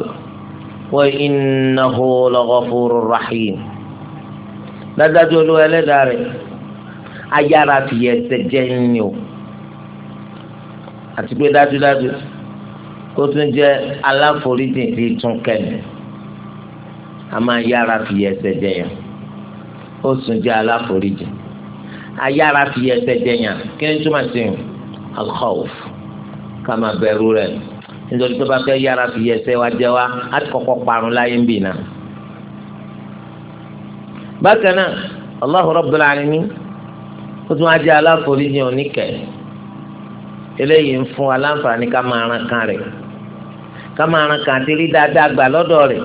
وإنه لغفور رحيم dájú olúwa ẹlẹ́dàá rẹ̀ ayára fi ẹsẹ̀ jẹ́ ní o àti pé dájúdájú ó tún jẹ́ aláforíjì tí tún kẹ́ni a máa yára fi ẹsẹ̀ jẹ́ yẹn ó tún jẹ́ aláforíjì ayára fi ẹsẹ̀ jẹ́ yẹn kí ni túmọ̀ sí i alkhawf ká máa bẹ̀rù rẹ̀ nítorí tó bá fẹ́ yára fi ẹsẹ̀ wa jẹ wa á ti kọ́kọ́ parun láyé ń bì náà. bákan náà Allahu Rabbul Alamin ó tún á jẹ́ aláforíjì oníkẹ́ eléyìí ń fún wa ká máa ran kan rẹ̀ ká máa ran kan àti rí dáadáa gbà lọ́dọ̀ rẹ̀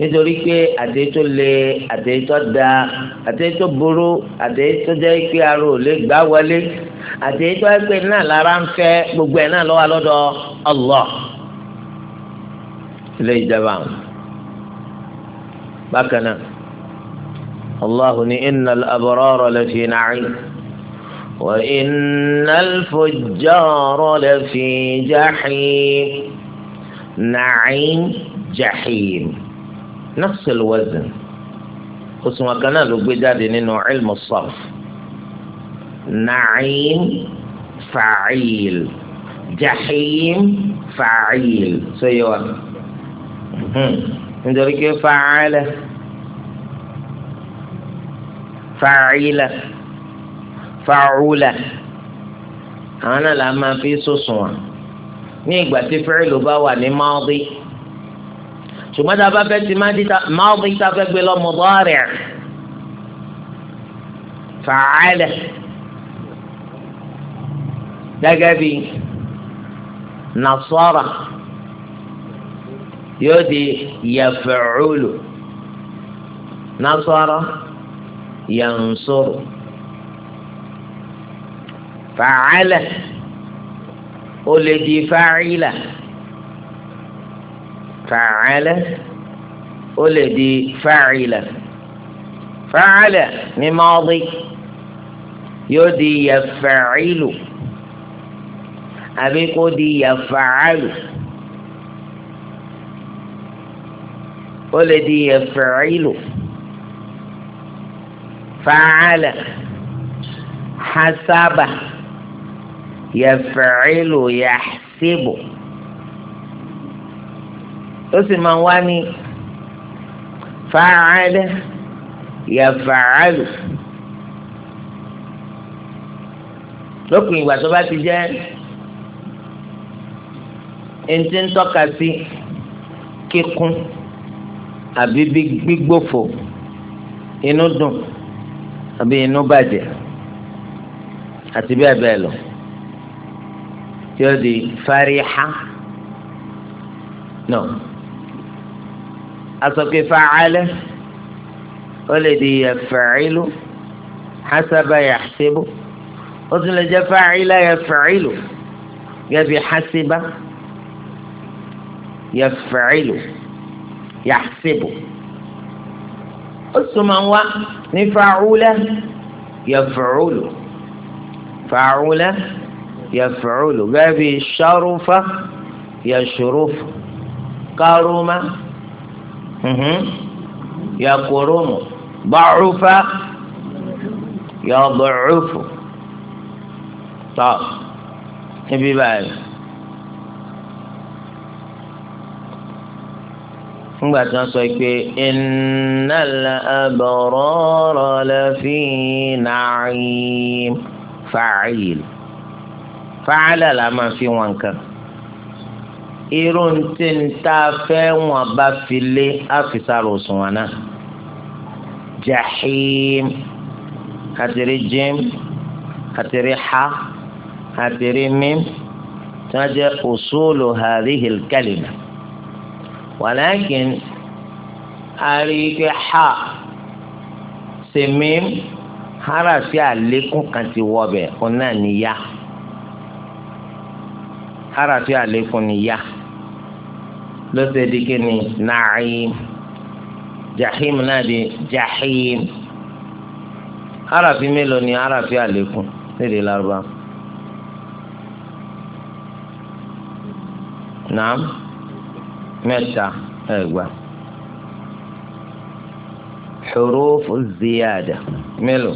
nítorí pé àdéhùn tó le àdéhùn tó da àdéhùn tó burú àdéhùn tó jẹ́ pé aró ò lè gbá wọlé àdéhùn tó ẹgbẹ́ náà lára ń fẹ́ gbogbo ẹ̀ náà lọ́wọ́ lọ́dọ̀ Allah ilé ìjọba bákan náà. الله إن الأبرار لفي نعيم وإن الفجار لفي جحيم نعيم جحيم نفس الوزن قسم كان لو بداد علم الصرف نعيم فعيل جحيم فعيل سيوا ندرك فعل فعيل فعولة أنا لما في سوسوان نيجي بتفعل وبوا ماضي ṣùgbọ́n tá a bá fẹ́ ti máa bí tá fẹ́ gbé lọ mudari' fa'ala gẹ́gẹ́ bí nasọ́ra yóò di yaf'ulu nasara yansuru fa'ala ó lè di fa'ila. fàcálẹ̀ ó lè di fàcílẹ̀ fàcálẹ̀ ní mọ́ọ́dí yóò di yẹfàcílù àbí kó di yẹfàcálù ó lè di yẹfàcílù fàcálẹ̀ hasaba yẹfàcílù yàxsíbù. ó sì máa wá ní fàáàlẹ yàfàáàlù lópin ìgbà tó bá ti jẹ́ ẹntì ń tọ́ka sí kíkún àbí gbígbófò inú dùn àbí inú bàjẹ́ àti bẹ́ẹ̀ bẹ́ẹ̀ lọ tí ó di fariha náà. No. أصبح فعل والذي يفعل حسب يحسب أصبح فعل يفعل يبي حسب يفعل يحسب أصبح من هو نفعول يفعل فعول يفعل يبي شرف يشرف كرم Mm-hmm. ya kurumu ba'ufa ya ba'ufu tọ níbí báyìí nígbà tí wọ́n sọ pé innal abrara lafi na'im fa'il fa'ala la máa fi wọn kan irú tí ń tá a fẹ́ wọn bá fi lé àfisàrò òṣùwọ̀n náà jahim katiri jim katiri ha katiri mim tí wọ́n jẹ́ usulu hadhihi al-kalima walakin àríkè ha sèmím hara sí àlékún kan ti wọbẹ̀ ọ̀nà níyà hara sí àlékún níyà lọ́sẹ̀ di kíni na'im jahim náà di jahim arafi mélòó ni arafi àlékún lédè Lárúbá naam mẹ́ta ẹgbàá huruf ziyada mélòó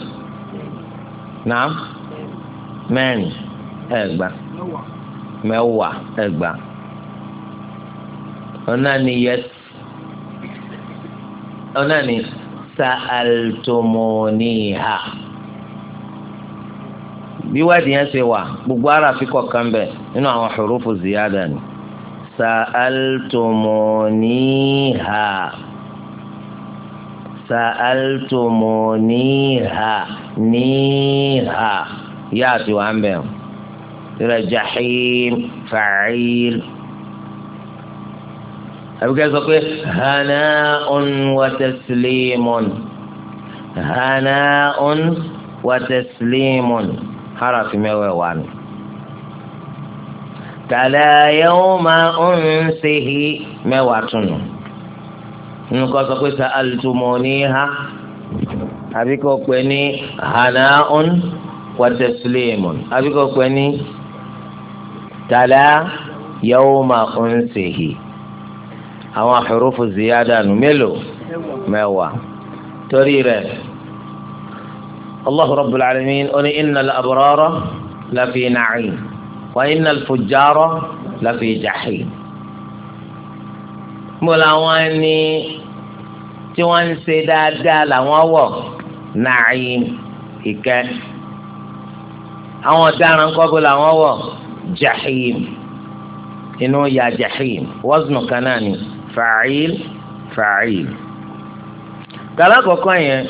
naam mẹ́rin ẹgbàá mẹ́wàá ẹgbàá ọ̀nà ni yẹt ọ̀nà ni sa'altumoniha bí wádìí yẹn ṣe wà gbogbo ara fi kọ̀ọ̀kan bẹ̀ nínú àwọn hurufu ziyada ni sa'altumoniha sa'altumoniha niha yáa ti wà ń bẹ̀ rẹ̀ jahim fa'il àbíkẹ́ sọ pé hànà ọ̀n wàtẹ́sílẹ́mọ̀n hànà ọ̀n wàtẹ́sílẹ́mọ̀n harafi mẹ́wàá wà ní. tàlẹ́ yẹ́wò máa ń ṣèhí mẹ́wàá tunu nǹkan sọ pé sa alùtùmọ̀ ní ha àbíkẹ́ ọ̀pẹ ní hànà ọ̀n wàtẹ́sílẹ́mọ̀n àbíkẹ́ ọ̀pẹ ní tàlẹ́ yẹ́wò máa ń ṣèhí àwọn hurufu ziyada nù mélòó mẹ́wàá torí rẹ̀ Allahu rabbul alamin ó ní innal abrara lafi na'im wa innal fujjara lafi jahim mo làwọn ẹni tí wọ́n ń ṣe dáadáa làwọn wọ̀ na'im ìkẹ́ àwọn ọ̀daràn kọ́bù làwọn wọ̀ jahim inú ya jahim waznu kan náà ni fàáyìl fàáyìl. kàlá kọ̀ọ̀kan yẹn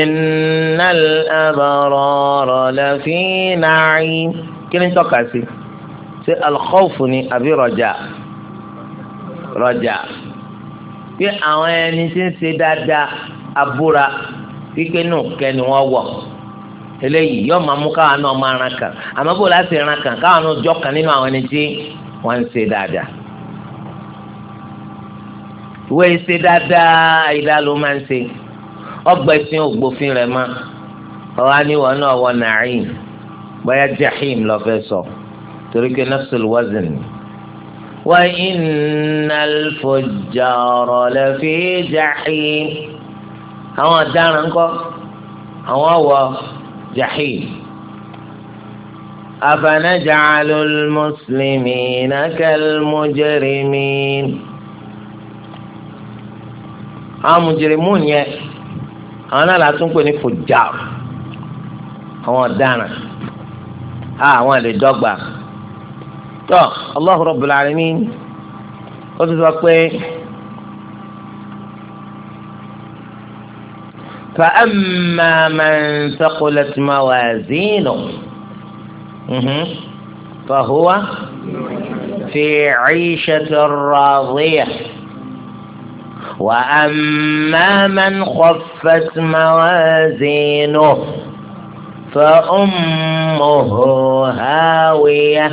innal abrara lafi na'im kí ni tọ́ka sí ṣé alkhawfu ni àbí rọjà rọjà pé àwọn ẹni tí ń ṣe dáadáa abúra wípé nù kẹ́ ni wọ́n wọ̀ eléyìí yóò máa mú káwọn náà máa ran kàn àmọ́ bó láti ran kàn káwọn náà jọ kàn nínú àwọn ẹni tí wọ́n ń ṣe dáadáa ìwé ṣe dáadáa àìdá ló máa ń ṣe ọgbà ìsìn ògbófin rẹ̀ mọ́ ọ̀hán ni wọn náà wọ nàáyìn bóyá jahim lọ fẹ́ sọ torí pé nafsul wazin wa innal fujjara lafi jahim àwọn ọ̀daràn kọ́ àwọn ọ̀wọ́ jahim. أفنجعل المسلمين كالمجرمين àwọn mùjìrìmùn yẹn àwọn náà látún pè ní fòjà àwọn ọ̀daràn àwọn àlè dọ́gba tó Allahu Rabbul ní ó ti sọ pé. fa فأما من ثقلت موازينه فهو في عيشة راضية وأما من خفت موازينه فأمه هاوية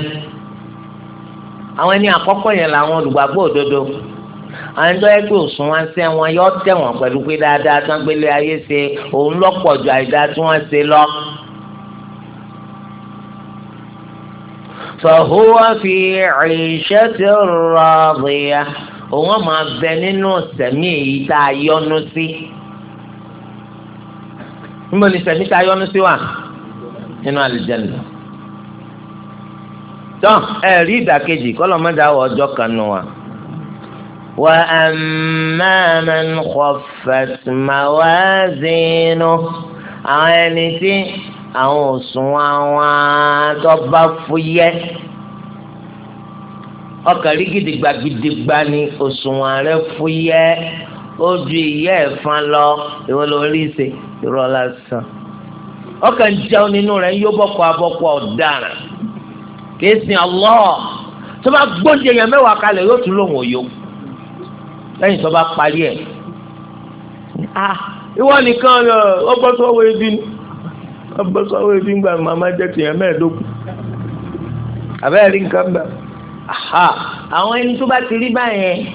àwọn ẹni àkọ́kọ́ yẹn làwọn olùgbàgbọ́ òdodo àwọn ẹni tó yẹ pé òṣùwọ̀n ṣe wọn yọ tẹ̀ wọ́n pẹ̀lú pé dáadáa tán gbélé ayé ṣe òun lọ́pọ̀ ju àìdáa tí wọ́n ṣe lọ. فهو في عيشة راضية òun máa bẹ nínú sẹ̀mí èyí tá a yọnu sí níbo ni sẹ̀mí tá a yọnu sí wà nínú àlùjànnà tán ẹ rí ìdàkejì kọ́lọ̀ mọ́jà wọ ọjọ́ kan nù wá. وأما من خفت موازينه àwọn ẹni tí àwọn òṣùwọ̀n àwọn tó bá fúyẹ́ ọkàn rí gidigba gidigba ni òṣùwọ̀n rẹ̀ fúyẹ́ ó ju ìyá ẹ̀fọn lọ ìwọ ló rí ṣe irọ́ lásán ọkàn jẹun nínú rẹ̀ yóò bọ̀kọ̀ abọ́kọ̀ ọ̀daràn kìí sin Allah tó bá gbóúnjẹ yẹn mẹ́wàá kalẹ̀ yóò tún lòun òyò lẹ́yìn tó bá parí ẹ̀ ìwọ nìkan ọgbọ́n tó wọ ebi ni ọgbọ́n tó wọ ebi ń màmá jẹ tìyẹn mẹ́ẹ̀ẹ́dógún àbẹ́rẹ́ nǹkan bẹ́ẹ̀ àwọn ẹni tó bá ti rí báyẹn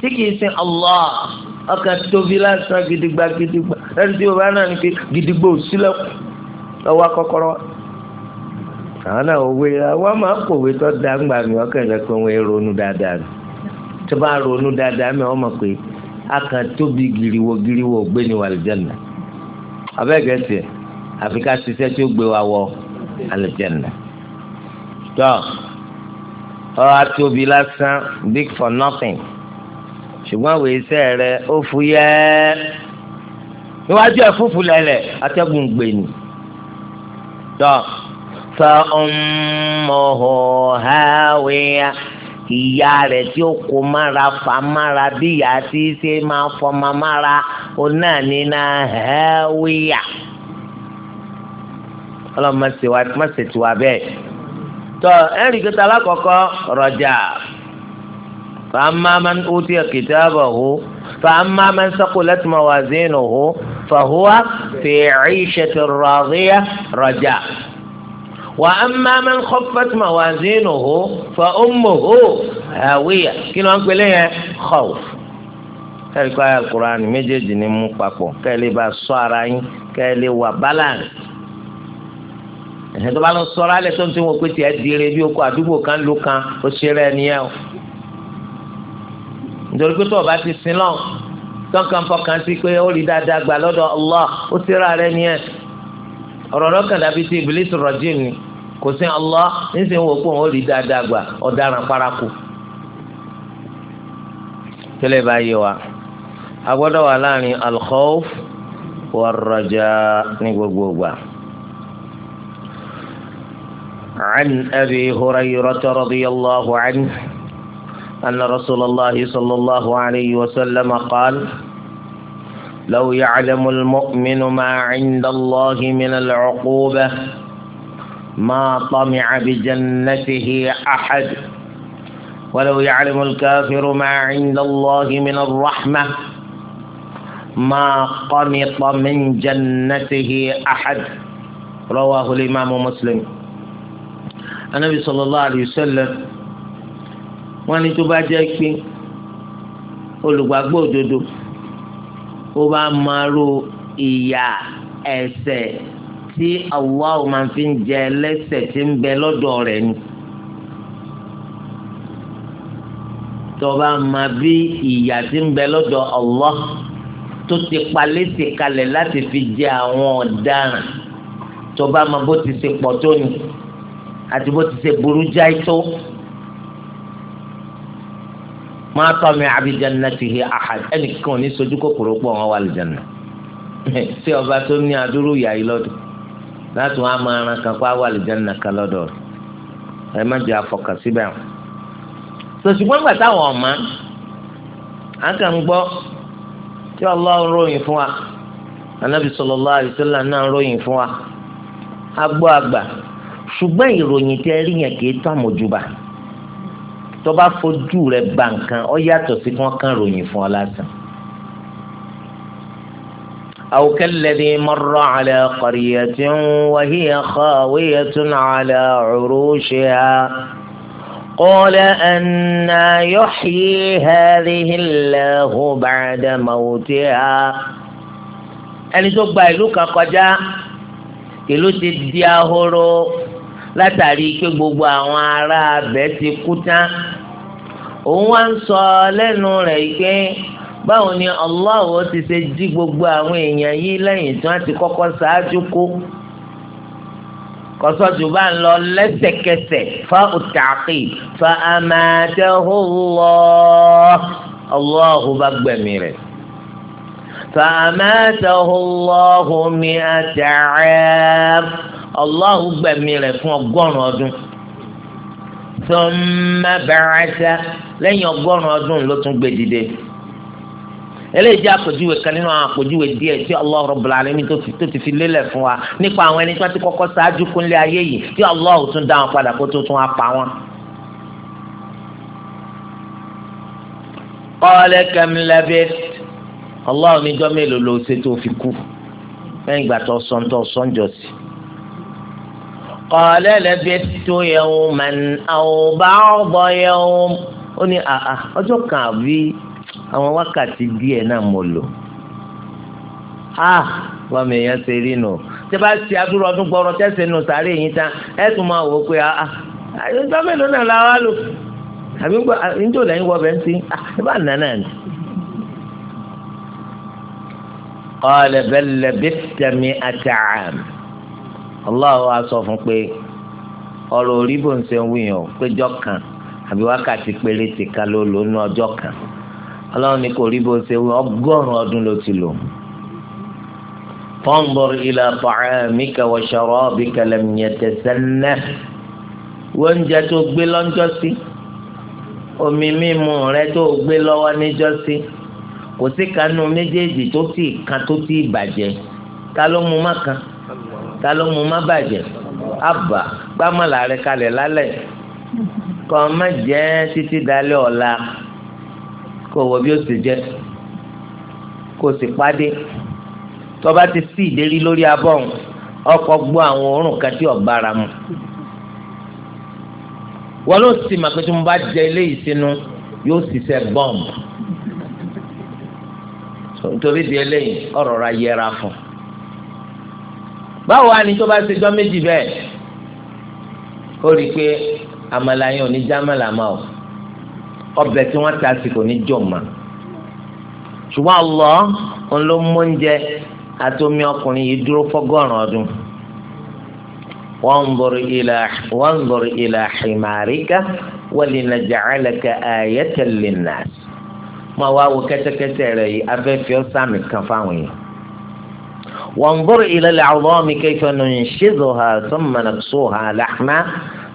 tí kìí sin Allah ọkàn tóbi lásán gidigba gidigba ẹni tí yorùbá náà ní pé gidigbo sílẹ̀kùn ọwọ́ kọ́kọ́rọ́ àwọn náà òwe àwọn máa ń kòwé tó dáńgbà mi ọkàn rẹ pé wọn ronú dáadáa ni tó bá ronú dáadáa mi wọn mọ̀ pé akàn tóbi giriwo giriwo gbé ni wàlìjẹ́nà abẹ́gẹ́sì àfi ká ṣiṣẹ́ tí ó gbé wa wọ àlìjẹ́nà tó. So, ọ̀rọ̀ àtòbí lásán big for nothing ṣùgbọ́n àwọn iṣẹ́ rẹ̀ ó fúyẹ́ níwájú ẹ̀ fúfú lẹ́lẹ̀ atẹ́gùn gbèní tọ́ fa ọmọọ̀hó háwíyá ìyá rẹ̀ tí ó kó mára fà mára bí ìyá tí ṣe máa fọmọ mára ó náà níná háwíyá ọlọ́mọ ṣètìwá bẹ́ẹ̀ tọ ẹnì kẹta alákọ̀ọ́kọ́ rọjà fàámà máa ń wúti ẹ̀kìtà bọ̀ hó fàámà máa ń sọ́kù lẹ́tì máa wà zínú hó fàhùwà fèèrè ìṣètò rọ̀ríyà rọjà. وأما من خفت موازينه فأمه هاوية كنا نقول خوف kẹ́lí kọ́ ayé alukur'an méjèèjì ni mú papọ̀ kẹ́lí bá sọ ara yín kẹ́lí wà balance ẹ̀hẹ́ tó bá lọ sọ̀rọ̀ alẹ́ tó ń tí wọn pé tiẹ̀ dire bí oko àdúgbò kan ló kan ó ṣe rẹ̀ nìyẹn o nítorí pé tó o bá ti sin lọ tọ́kàn fọkàn sí pé ó rí dáadáa gbà lọ́dọ̀ Allah ó ti rà rẹ̀ nìyẹn ọ̀rọ̀ lọ́kàn dàbí ti Iblis rajim ni kò sí Allah níṣẹ́ wo pé ó rí dáadáa gbà ọ̀daràn paraku tẹ́lẹ̀ bá wa a wà láàrin al-khawf war ní gbogbo gbà. عن أبي هريرة رضي الله عنه أن رسول الله صلى الله عليه وسلم قال لو يعلم المؤمن ما عند الله من العقوبة ما طمع بجنته أحد ولو يعلم الكافر ما عند الله من الرحمة ما قنط من جنته أحد رواه الإمام مسلم anabi sallallahu alayhi wa sallam wọ́n ní tó bá jẹ́ pé olùgbàgbọ́ òdodo ó bá máa ro ìyà ẹ̀ṣẹ̀ tí Allah máa fi ń jẹ ẹlẹ́ṣẹ̀ tí ń bẹ lọ́dọ̀ rẹ̀ ni. tọba ma bí ìyà tí ń bẹ lọ́dọ̀ Allah tó ti palẹ́ ti kalẹ̀ láti fi jẹ àwọn ọ̀daràn tọba ma bó ti ṣe pọ̀ tó ni. àti bó ti ṣe burú jáì tó máa tọ́ mi àbíjánná ti hi àhàd ẹnìkan ní sojú kòkòrò pọ̀ wọn wà lìjánná ṣé ọba tó ní adúrú ìyá yìí lọ́dọ̀ láti wọn máa ran kan pa wà lìjánná kan lọ́dọ̀ ẹ má jẹ́ àfọkàn síbẹ̀ wọn. sòṣùgbọ́n táwọn ọ̀ma à ń kàn ń gbọ́ tí ọlọ́run ròyìn fún wa anábì náà ròyìn fún wa àgbà. ṣùgbọ́n ìròyìn tẹ rí yẹn kì í tó àmójúbà tó bá fojú rẹ gba nǹkan ọ yàtọ̀ sí kí wọ́n kàn ròyìn fún ọ lásán. أو كالذي مر على قرية وهي خاوية على عروشها قال أنا يحيي هذه الله بعد موتها ẹni tó gba ìlú kan kọjá ìlú ti di ahoro látàrí pé gbogbo àwọn ará abẹ ti kú tán òun wá ń sọ lẹ́nu rẹ̀ pé báwo ni Allah ti ṣe jí gbogbo àwọn èèyàn yìí lẹ́yìn tí wọ́n ti kọ́kọ́ ṣáájú kó kọsọ́jú bá ń lọ lẹ́sẹ̀kẹsẹ̀ fa òtàkì fa amátẹ́hùlọ́ Allahu bá gbẹ̀mí rẹ̀ fa amátẹ́hùlọ́ mi àtàrẹ́. Allahu gbẹ̀mí rẹ̀ fún ọgọ́rùn ọdún thumma ba'atha lẹ́yìn ọgọ́rùn ọdún ló tún gbé dìde eléyìí jẹ́ àpèjúwe kan nínú àwọn àpèjúwe díẹ̀ tí Allah Rabbul Alamin tó ti fi lélẹ̀ fún wa nípa àwọn ẹni tó ti kọ́kọ́ ṣáájú kúnlé ayé yìí tí Allah tún dá wọn padà kó tó tún apá wọn. qala kam labith Allah níjọ́ mélòó ló ṣe tó fi kú lẹ́yìn ìgbà tó sọ́ńtọ́ sọ́ńjọ́ sí i. قال لبثت يوما أو بعض يوم ó ní àà ọjọ́ kan àbí àwọn wákàtí díẹ̀ náà mo lò ah wọ́n mi yẹn ṣe rí nù tí bá ti adúrò ọdún gbọ́rọ̀ tẹ́sẹ̀ nù sáré yìí tán ẹ tún máa wò ó pé ah ọjọ́ ah, mélòó náà la wá lò àbí níjó ah, lẹ́yìn wọ́ bẹ́ẹ̀ ń sìn ah, ẹ bá nà náà ni. قال بل لبثت مئة عام Allah wa sọ fún pé ọ̀rọ̀ orí bò ń ṣe ń wíyàn péjọ kan àbí wákàtí péréte kan ló lò ní ọjọ́ kan ọlọ́run ní kò rí bó ṣe wí ọgọ́rùn-ún ọdún ló ti lò. fanzur ila ta'amika wa sharabika lam yatasanna wọ́n jẹ́ tó gbé lọ́jọ́ sí omi mímu rẹ tó gbé lọ́wọ́ níjọ́ ta ló mú má bàjẹ́ àbá gbámọ̀lá rẹ kalẹ̀ lálẹ́ kọ́ má jẹ́ títí dalẹ́ ọ̀la kó wọ bí ó ti jẹ́ kó sì pàdé tọ́ba ti sí ìdérí lórí abọ́n ọkọ̀ gbọ́ àwọn òórùn kan tí ọ̀gbára mu wọ́n ló sì mà pé tí mo bá jẹ eléyìí sínú yóò ṣiṣẹ́ bọ́ǹbù nítorí di eléyìí ọ̀rọ̀ ra yẹra fún un báwo wá ní tó bá ṣe jọ méjì bẹ́ẹ̀ ó rí i pé àmàlà yẹn ò ní já àmàlà máa o ọbẹ̀ tí wọ́n ta sí kò ní jọ mà ṣùgbọ́n Allah ń ló mú oúnjẹ àti omi ọkùnrin yìí dúró fọ́gọ́rùn-ún ọdún wanzur ila wanzur ila himarika walinaj'alaka ayatan linnas máa wá wo kẹ́tẹ́kẹ́tẹ́ rẹ̀ yìí afẹ́fẹ́ ọ̀sán mi kan fáwọn yìí wanzur ila al-'idhami kayfa nunshizuha thumma naksuha lahma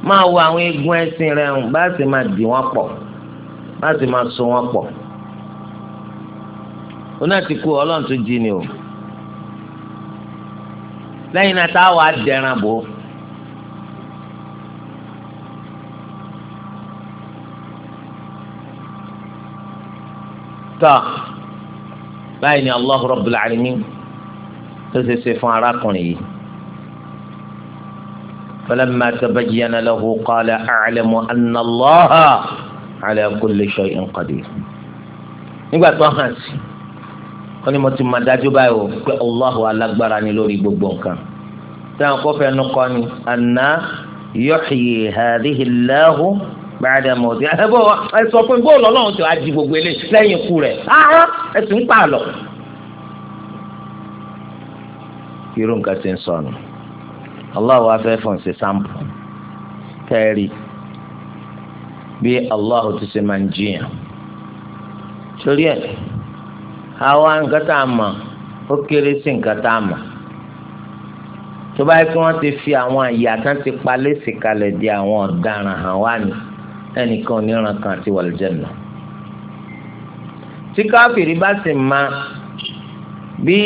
máa wo àwọn eegun ẹ̀sìn rẹ̀ ń bá sì máa dì wọ́n pọ̀ bá sì máa so wọ́n pọ̀ oná ti kú ọlọ́run tó jí ni o lẹ́yìn náà tá a wà á dẹran bò ó. tọ́ báyìí ni Allah Rabbul Alamin tó ṣe ṣe fún arákùnrin yìí. فلما تبين له قال أعلم أن الله على كل شيء قدير nígbà tó hàn sí wọn ni mo ti mọ dájú báyìí o pé Allahu alágbára ni lórí gbogbo nǹkan táwọn kò fẹ́ nu kọ́ ni anna yuhyi hadhihi Allahu ba'da mawtiha ẹ ẹ sọ pé bóòlù ọlọ́run ti wá di gbogbo eléyìí lẹ́yìn ikú rẹ̀ ẹ̀sìn ń pa àlọ́ irú nǹkan ti ń sọnù Allah wa fẹ́ fún ṣe sampo tẹ́ẹ̀rí bí Allah ti ṣe máa ń jiyàn torí ẹ̀ àwa nǹkan tá a mọ̀ ó kéré sí nǹkan tá a mọ̀ tó báyìí kí wọ́n ti fi àwọn àyà tán ti pa léṣe kalẹ̀ di àwọn ọ̀daràn hàn wá ní ẹnìkan oníran kan àti wàlùjẹ́nà tí káfíìrì bá sì máa bí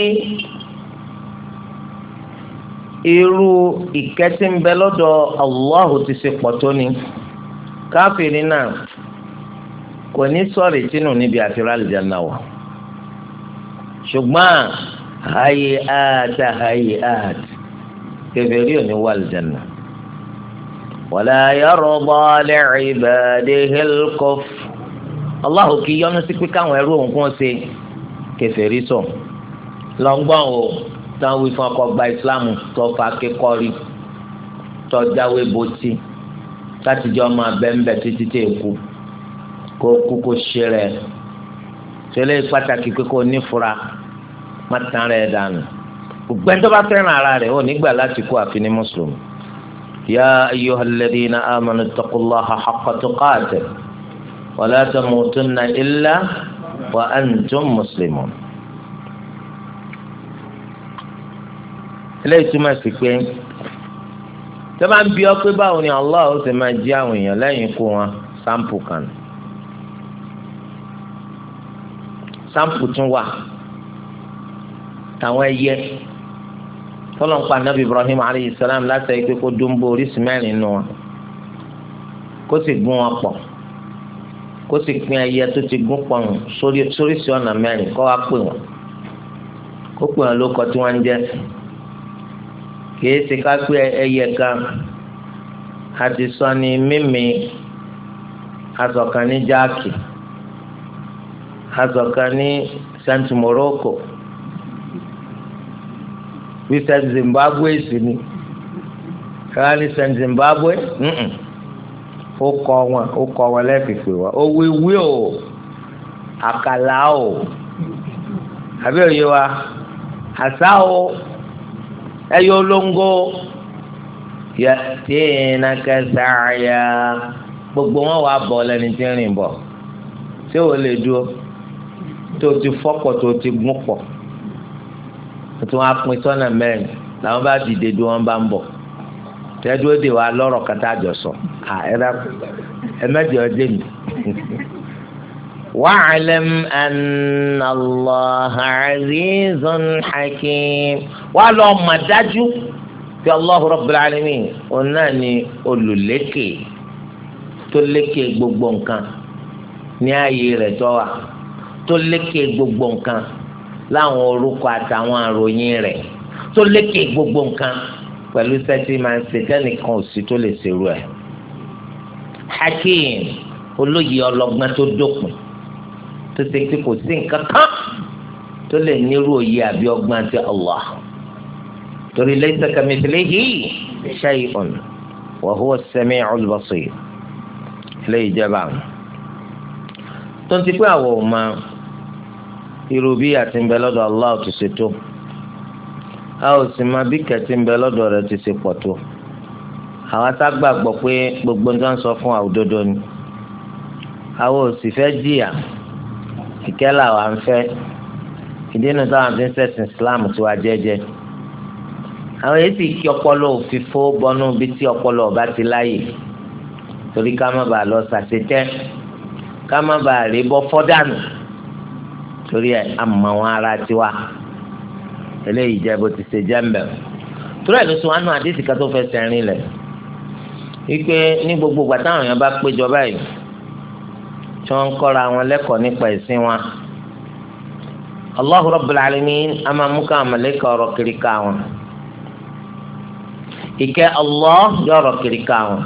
irú ìkẹ́tí ń bẹ lọ́dọ̀ Allahu ti ṣe pọ̀ tó ni káfíìnì náà kò ní sọ̀rọ̀ ìtinú níbi àfihàn àlùjáná wa ṣùgbọ́n ààyè ààtà ààyè ààtà kẹfẹ́rí ò ní wà àlùjáná. wàlá yarda li ibadihil kufr Allahu kì í yọ́nú sí pé káwọn ẹrú òun kún ṣe kẹfẹ́rí sọ lọ́ngbọ́n o tán wí fún ọkọ gba ìsìláàmù tó fa kékọ́rí tó jáwé bọ́tí láti jọ máa bẹ́ńbẹ́ títí tẹ̀ kú kó kú kó ṣe rẹ̀ tẹ́lẹ̀ pàtàkì pé kó nífura má tán rẹ̀ dànù gbẹ́ńtọ́ bá fẹ́ràn ara rẹ̀ ó nígbà láti kú àfi ní mùsùlùmí. يا أيها الذين آمنوا اتقوا الله حق تقاته ولا تموتن إلا وأنتم مسلمون eléyìí túmọ̀ sí pé tọ́ba ń bi ọ́ pé báwo ni Allah ó sì máa jí àwọn èèyàn lẹ́yìn ikú wọn sampo kan sampo tún wà tàwọn ẹyẹ tọ́lọ̀ ń pa nabi Ibrahim alayhi salam láti ẹ̀ pé kó dúnbó oríṣi mẹ́rin nù wọn kó sì gún wọn pọ̀ kó sì pín ẹyẹ tó ti gún pọ̀ sóríṣi ọ̀nà mẹ́rin kó wá pè wọ́n kó pè wọ́n ló tí wọ́n ń jẹ́ sí i kìí ṣe ká pé ẹyẹ kan àti sọni mímì azọkan ní jáàkì azọkan ní saint morocco bísẹ zimbabwe sì ni káwá ní saint zimbabwe ó kọ wọn ó kọ wọn lẹ́ẹ̀fìfì wọn ó wíwí o àkàlà o àbí òye wa àṣà o ẹyọ olóńgó yẹ tí iná kẹsà ya gbogbo wọn wà bọ̀ lẹ́ni tí ń rìn bọ̀ ṣé o lè dúró tó ti fọ́pọ̀ tó ti gún pọ̀ tí wọ́n á pín sọ́nà mẹ́rin làwọn bá dìde dúró wọn bá ń bọ̀ tẹ́dúró de wa lọ́rọ̀ kata jọ sọ ẹ mẹ́jọ dé mi. واعلم أن الله عزيز حكيم wàá lọ mà dájú bí Allahu Rabbil Alamin òun náà ni olùlékè tó lékè gbogbo nǹkan ní ààyè rẹ̀ tó wà tó lékè gbogbo nǹkan láwọn orúkọ àtàwọn àròyìn rẹ̀ tó lékè gbogbo nǹkan pẹ̀lú sẹ́tì máa ń ṣe tẹ́nìkan ò tó lè ṣerú ẹ̀. hakeem olóyè ọlọ́gbọ́n tó dópin tó ṣe pé kò sí nǹkan kan tó lè nírú òye àbí ọgbọ́n ti Allah torí laysa kamithlihi shay'un wa huwa as-sami'ul basir ilé ìjọba àwọn. tó ń ti pé àwọ̀ ò máa irú bí àti ń bẹ lọ́dọ̀ Allah ti ṣe tó a ò sì máa bí kẹ̀tì ń bẹ lọ́dọ̀ rẹ̀ ti ṣe pọ̀ tó àwa tá pé gbogbo ń sọ fún wa ni àwa ò sì fẹ́ jìyà ìkẹ́ làwa ń fẹ́ ìdí inú táwọn fi ń ṣẹ̀sìn Islam tiwa jẹ́jẹ́ àwọn yìí sì yí ọpọlọ òfìfo bọnú bí tí ọpọlọ ọba ti láàyè torí ká má bàa lọ sàṣetẹ ká má bàa rí bọ fọdànù torí ẹ àmọ́ wọn ara tiwa eléyìí jẹ bó ti ṣe jẹ ń bẹ torí ẹ ló sọ wánú àdéhìí ká tó fẹsẹ̀ rìn lẹ̀ wípé ní gbogbo ìgbà táwọn èèyàn bá péjọ báyìí tí wọ́n ń kọ́ra wọn lẹ́kọ̀ọ́ nípa ìsìn wọn Allahu Rabbul Alamin a máa mú ká àmàlẹ́kà ọ̀rọ̀ kiri ká wọn. ìkẹ́ Allah yọrọ kiri káwọn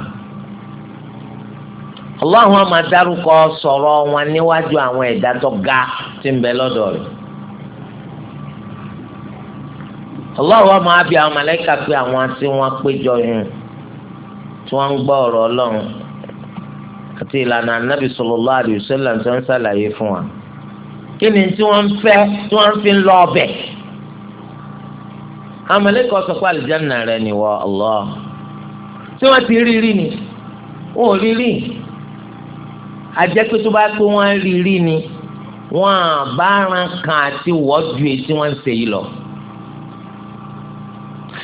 Allah wọn máa dárúkọ sọ̀rọ̀ wọn níwájú àwọn ẹ̀dá tó ga tí ń bẹ lọ́dọ̀ rẹ̀ Allah wọn máa bí àwọn màláíkà pé àwọn tí wọ́n péjọ yìí tí wọ́n ń gbọ́ ọ̀rọ̀ Ọlọ́run àti ìlànà anábì sallallahu alaihi tó ń ṣàlàyé fún wa kí ni tí wọ́n ń fẹ́ tí wọ́n ń fi lọ ọbẹ̀. amalekọ sọ pé alìjáná rẹ ni wọ ọlọ tí wọn ti rí rí ni wọn ò rí rí ajẹpẹ tó bá pé wọn rí rí ni wọn àbáran kan àti wọjú etí wọn ń ṣe yìí lọ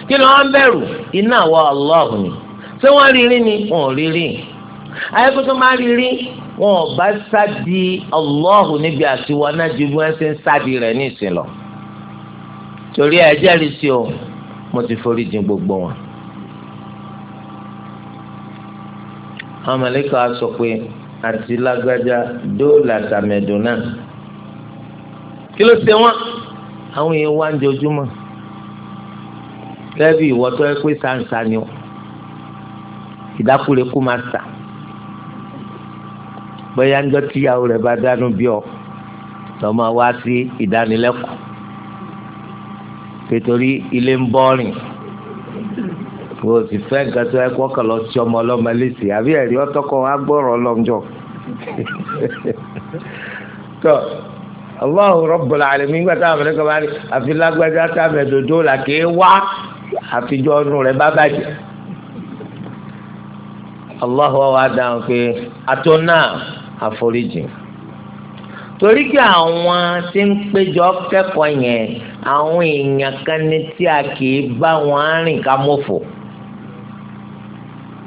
kí ni wọn bẹ̀rù iná wọ ọlọ́ọ̀hún ni ṣé wọn rí rí ni wọn rí rí ayẹpẹ máa rí rí wọn ò bá sádi ọlọ́ọ̀hún níbi àtiwọn náà ju bí wọn ṣe ń sádi rẹ ní ìsìn lọ torí ẹ jẹ́rìí sí o mo ti forí jìn gbogbo wọn. àwọn mọ̀lẹ́kà sọ pé àti lágbájá dóòlà tàmẹ̀dùn náà kí ló ṣe wọn àwọn èèyàn wá ń jojúmọ́ lẹ́bi ìwọ́ tó ẹ pé sáǹsá ni o ìdákùrẹ́kù máa sà bóyá ń jọ tíyàwó rẹ̀ bá dánú bí ọ lọ́mọ wá sí ìdánilẹ́kọ̀ọ́ pẹ̀tọ́rí ilé ń bọ́rìn o sì fẹ́ nǹkan tó ẹ kọ́kàn lọ sí ọmọ ọlọ́mọ lẹ́sìn àbí ẹ̀rí ọtọ́kọ agbọ́rọ̀ ọlọ́njọ́ tó Allahu Rabbul Alamin nígbà táwọn ọmọdé kan bá rí àfi lágbájá táwọn ẹ̀dọ̀dọ̀ là kéé wá àfijọ́ ọdún rẹ̀ bá bàjẹ́ Allahu wa dáhùn pé atọ́ náà àforíjì torí kí àwọn tí ń péjọ kẹ́kọ̀ọ́ yẹn àwọn èèyàn kan ní tí a kì í bá wọn rìn ká mọ̀fọ̀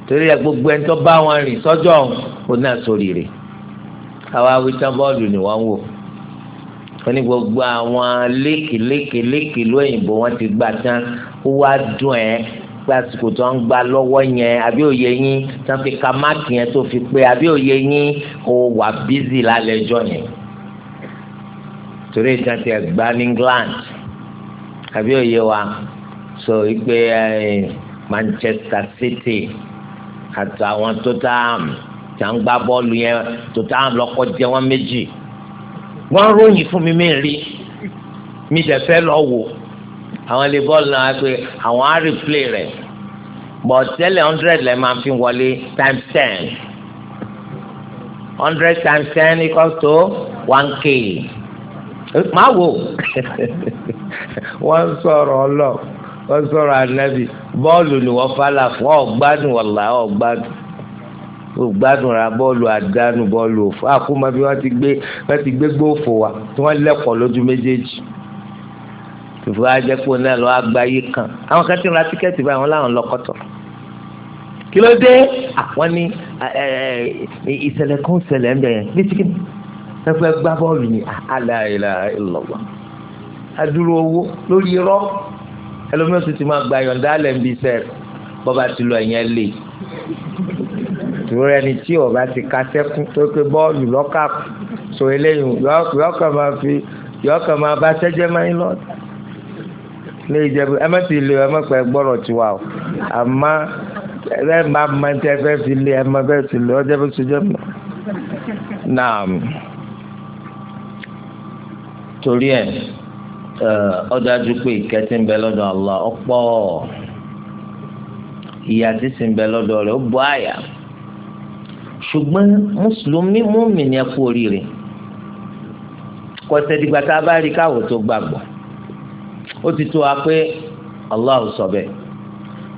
torí ẹ gbogbo ẹni tó bá wọn rìn sọ́jọ́ òun náà sórí rẹ̀ àwa wíṣán bọ́ọ̀lù ni wọ́n ń wò wọ́n ní gbogbo àwọn léèkì léèkì léèkì lóyìnbó wọ́n ti gbà tán ó wá dùn ẹ́ pé àsìkò tó ń gbà lọ́wọ́ yẹn àbí òye yín tó ń fi ka máàkì yẹn tó fi pé àbí òye yín ó wà bízì lálẹ́ ẹjọ́ yẹn torí ìtàn ti ẹ̀gbá ní England àbí òye wa sọ wípé eh, Manchester City àtàwọn Tottenham tí a ń gbá bọ́ọ̀lù yẹn Tottenham lọ́kọ́ jẹ́ wọ́n méjì wọ́n ròyìn fún mi mẹ́rin mi dẹ̀ fẹ́ lọ wò àwọn ilé bọ́ọ̀lù náà pé àwọn á replay rẹ̀ but tẹ́lẹ̀ hundred lẹ́ máa fi wọlé times ten hundred times ten equals to one k máa wò wọ́n sọ̀rọ̀ ọlọ́ wọ́n sọ̀rọ̀ ànábì bọ́ọ̀lù ni wọ́n fálà fún ọ̀gbádùn ọ̀la ọ̀gbádùn ọ̀gbádùn ra bọ́ọ̀lù àdánù bọ́ọ̀lù òfò àkómọ bí wọ́n ti gbé wọ́n ti gbé gbófò wa tí wọ́n lẹ́kọ̀ọ́ lójú méjèèjì tòfò ajẹ́pọ̀ náà lọ́ọ́ agbáyé kan àwọn kan ti ra tíkẹ́ẹ̀tì báyìí wọ́n láwọn lọ́kọ̀tọ̀ kí ló dé àwọn ní ìṣẹ̀lẹ̀ kan ṣẹlẹ̀ ń bẹ̀rẹ̀ ní tíkẹ́ẹ̀tì ẹgbẹ́ gbá bọ́ọ̀lù ni aláìlá ìlọ́wà adúrú owó lórí irọ́ ẹlòmíràn tó ti máa gba yọ̀ǹda alẹ́ ń bí sẹ́ẹ̀ bọ́ba ti lọ ẹ̀yẹn lè ìṣòro ẹni tí ọba ti ka sẹ́kún tó pé bọ́ọ̀lù lọ́kà sọ eléyìí yọ̀ọ́kà máa fi yọ̀ọ́kà máa bá sẹ́jẹ́ máa ń lọ lé ìjẹ́bù ẹ má ti lè ẹ má pẹ́ gbọ́rọ̀ tiwa o àmọ́ ẹ má máa ń tẹ́ fẹ́ fi lé ẹ má fẹ́ fi lé ọjọ́ bó ṣe jẹ́ mọ́ náà torí ẹ̀ eh, ó dájú pé ìkẹ́ ń bẹ lọ́dọ̀ Allah ọ̀pọ̀ ìyà tí sì ń bẹ lọ́dọ̀ rẹ̀ ó bọ́ àyà ṣùgbọ́n mùsùlùmí mùmìnì ẹ kú oríire kọsẹ̀ dìgbà tá a bá rí káwọ́ tó gbàgbọ́ ó ti tó wa pé Allah sọ bẹ́ẹ̀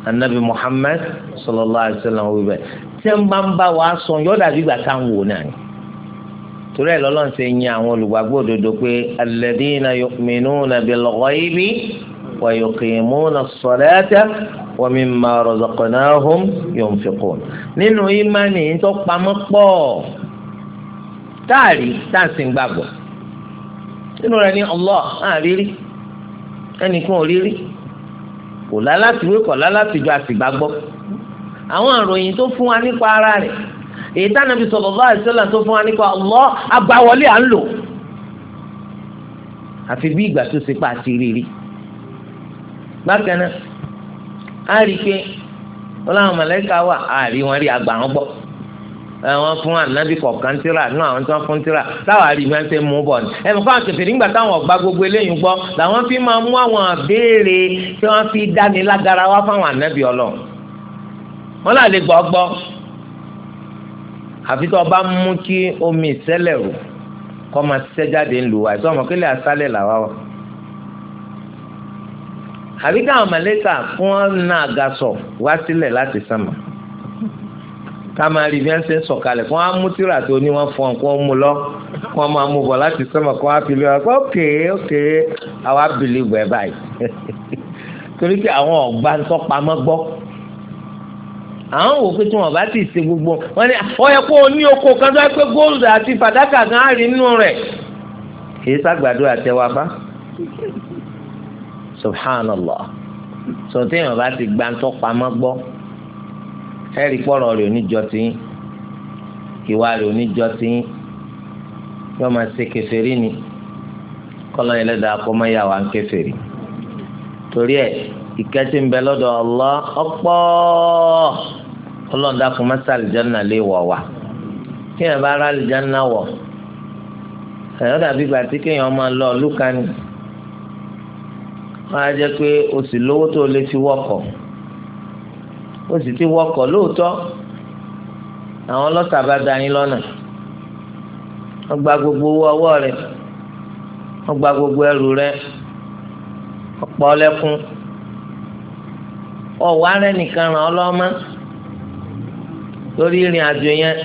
anabi Muhammad sallallahu alaihi wasallam wí bẹ́ẹ̀ tí ń bá ń bá wa sọ yọ̀ọ́ dàbí ìgbà tá à ń wò náà ni torí ẹ̀ lọ́lọ́run ṣe yin àwọn olùgbàgbọ́ òdodo pé alladhina yu'minuna bil ghaibi wa yuqimuna as-salata wa mimma razaqnahum yunfiqun. nínú ìmánì tó pamọ́ pọ̀ táàrí táàsì ń gbàgbọ́ nínú rẹ̀ ní Allah àrírí ẹnìkan ò rírí kò láláfiwé kò láláfijọ́ àtìgbàgbọ́ àwọn àròyìn tó fún wa nípa ara rẹ̀ èyí tánàbí sallallahu alaihi wasallam tó fún wa nípa Allah agbáwọlé à ń lò àfi bí ìgbà tó ṣe pa àti rírí bákan náà a rí i pé wọn làwọn mọlẹ́kà wà àrí wọn rí àgbà wọn gbọ́ wọn fún ànábì kọ̀ọ̀kan tíra nínú àwọn tí wọ́n fún tíra táwọn àríwá ń tẹ́ mú bọ̀ ni. ẹ̀mí fáwọn kẹfìrí ńgbà táwọn ọ̀gbá gbogbo eléyìí gbọ́ làwọn fi máa mú àwọn àbéèrè tí wọ́n fi dáni wá fáwọn ànábì ọlọ́run. wọ́n là gbọ́ gbọ́ àfi tó o bá mú kí omi ìṣẹ̀lẹ̀ rò kọ́ máa ṣiṣẹ́ jáde ń lò wá ìṣọ́ ọmọ kílẹ̀ aṣálẹ̀ làwa wa. àbí káwọn mọ̀lẹ́kà fún ọ̀nà àgàsọ̀ wá sílẹ̀ láti sánmà ká máa rí bí wọ́n ṣe ń sọ̀kalẹ̀ kí wọ́n á mú tíra tó ní wọ́n fún ọ kí mú lọ kí máa mú bọ̀ láti sánmà kí wọ́n fi lé wọn pé ókè ókè àwa bìlì wẹ̀ báyìí torí pé àwọn ọ̀gbá ń tọ́pamọ́ gbọ́ àwọn wò pé tí wọn bá ti ṣe gbogbo wọn ni ọyẹ kó o ní oko kan tó pé góòlù àti fàdákà kan á rí nínú rẹ̀ kì í ṣàgbàdo àtẹwà bá subhanallah sọtẹ yẹn bá ti gba ntọ́ pamọ́ gbọ́ ẹ̀rí pọ̀rọ̀ rẹ̀ oníjọ tí ìwà rẹ̀ oníjọ tí yọ máa ṣe kèfèrí ni kọ́lọ́ yẹn lẹ́dàá kọ́ máa yà wá ń kèfèrí torí ẹ̀ ìkẹ́tì ń bẹ lọ́dọ̀ Allah ọ̀pọ̀ ọlọ́run dákun má sá àlìjánná lè wọ̀ wá kí èèyàn bá rà àlìjánná wọ̀ ẹ̀yọ́ dàbí ìgbà tí kéèyàn máa lọ lùkánì wọ́n á jẹ́ pé o sì lówó tó o lè fi wọkọ̀ o sì ti wọkọ̀ lóòótọ́ àwọn ọlọ́ṣà bá da yín lọ́nà wọ́n gba gbogbo owó ọwọ́ rẹ̀ wọ́n gba gbogbo ẹrù rẹ̀ ọ̀pọ̀ ọlẹ́kùn ọ̀wọ́ arẹ́nìkan ràn ọ́ lọ́mọ́. lórí ìrìn àjò yẹn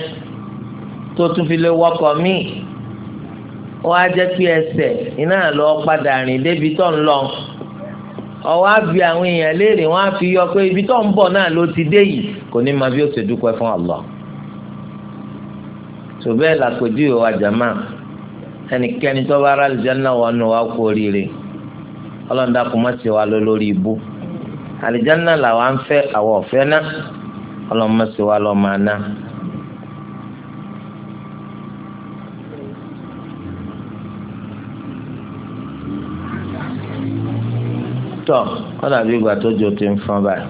tó tún fi lè wọkọ̀ míì wọ́n á jẹ́ pé ẹsẹ̀ iná lọ padà rìn débi tó lọ ọwọ́ bi àwọn èèyàn léèrè wọ́n á fi yọ pé ibi tó ń bọ̀ náà ló ti dé yìí kò ní máa bí ó ṣe dúpẹ́ fún Allah tó bẹ́ẹ̀ làpèjúwe jàmá ẹnikẹ́ni tó bá kú oríire má wa ọlọmọsí wa lọ máa ná. tọ ọ dàbí ìgbà tó jò ti ń fọn báyìí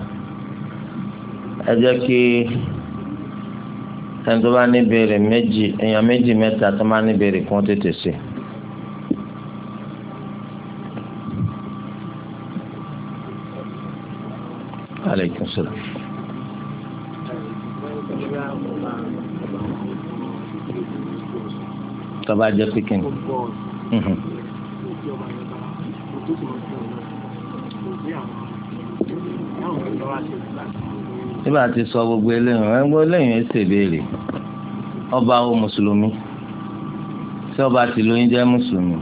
ẹ jẹ́ kí ẹni tó bá ní béèrè méjì èèyàn méjì mẹ́ta tó bá ní béèrè kún tètè sí عليكم السلام tọ́ba jẹ́ pikin. nígbà tí sọ gbogbo eléyìn ẹgbẹ́ eléyìn ẹ ṣèbéèrè ọba o mùsùlùmí tí ọba ti lóyún jẹ́ mùsùlùmí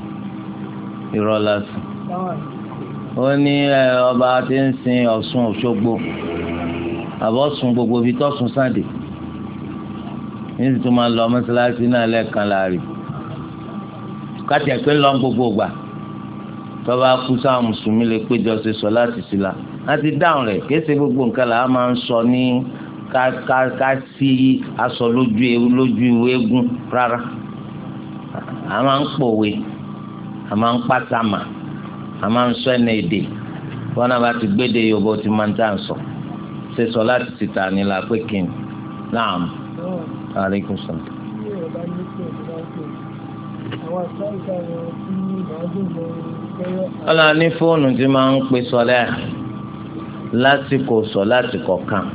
irọ́ lásán ó ní ọba tí ń sin Ọ̀ṣun Òṣogbo àbọ̀sùn gbogbo ibi tọ́sùn sáde ní ti tó máa lọ mọ́sálásí náà lẹ́ẹ̀kan láàrin káti ẹ̀ pé lọ gbogbo gbà tọ́ba kú sáwọn mùsùlùmí lè péjọ ṣe sọ láti sí la láti dáhùn rẹ̀ kéṣe gbogbo nǹkan là á máa ń sọ ní ká sí aṣọ lójú ìwé e, eégún rárá a máa ń pòwe a máa ń pàtàmà a máa ń sọ ẹnà èdè wọn náà bá ti gbéde yorùbá ti máa ń tà ń sọ ṣe sọ láti ti tà ní la pé kí n náà. alaikum salam ọlọ́run ní fóònù tí máa ń pe sọlẹ́ lásìkò sọ láti kọ̀ọ̀kan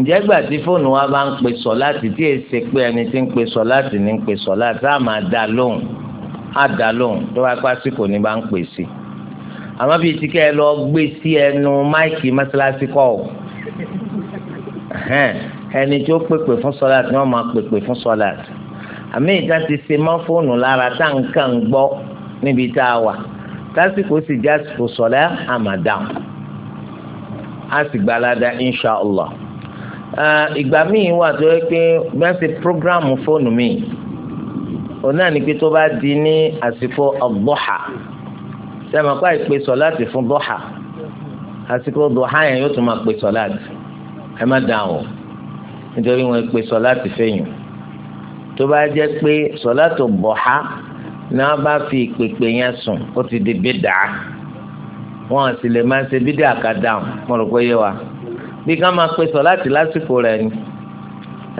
ǹjẹ́ gbà tí fóònù wa bá ń pe sọ láti tí èyí ṣe pé ẹni tí ń pe sọ láti ní ń pe sọ láti á máa dá lóhùn á dá lóhùn tó bá ní bá ń pè sí àmọ́ bíi ti kẹ́ ẹ lọ gbé sí ẹnu máìkì mọ́ṣáláṣí kọ́ ẹni tó pèpè fún sọláàtì ni wọ́n máa pèpè fún sọláàtì àmì ìta ti ṣe mọ́ fóònù lára tá à ń kàn gbọ́ níbi tá a wà tásìkò sì já sìkò sọlá àmàdáhùn á sì gbalada inshàlá ìgbà míì wà tó yẹ pé bẹ́ẹ̀ ṣe prógráàmù fóònù míì òun náà ní pé tó bá di ní àsìkò ọgbọ́hà sẹ́mi kó àìpé sọ̀láàtì fún bọ́hà àsìkò bọ́hà yẹn yóò tún máa pè sọ̀láàtì ẹ má dáhùn nítorí wọn pe sọláàtì fẹ̀yìn tó bá jẹ́ pé sọláàtì bọ̀há náà bá fi ìpèpè yẹn sùn ó ti di bídà wọn sì lè máa ṣe bídà àkàdáhùn mo rò pé yé wa bí ká máa pe sọláàtì lásìkò rẹ̀ ni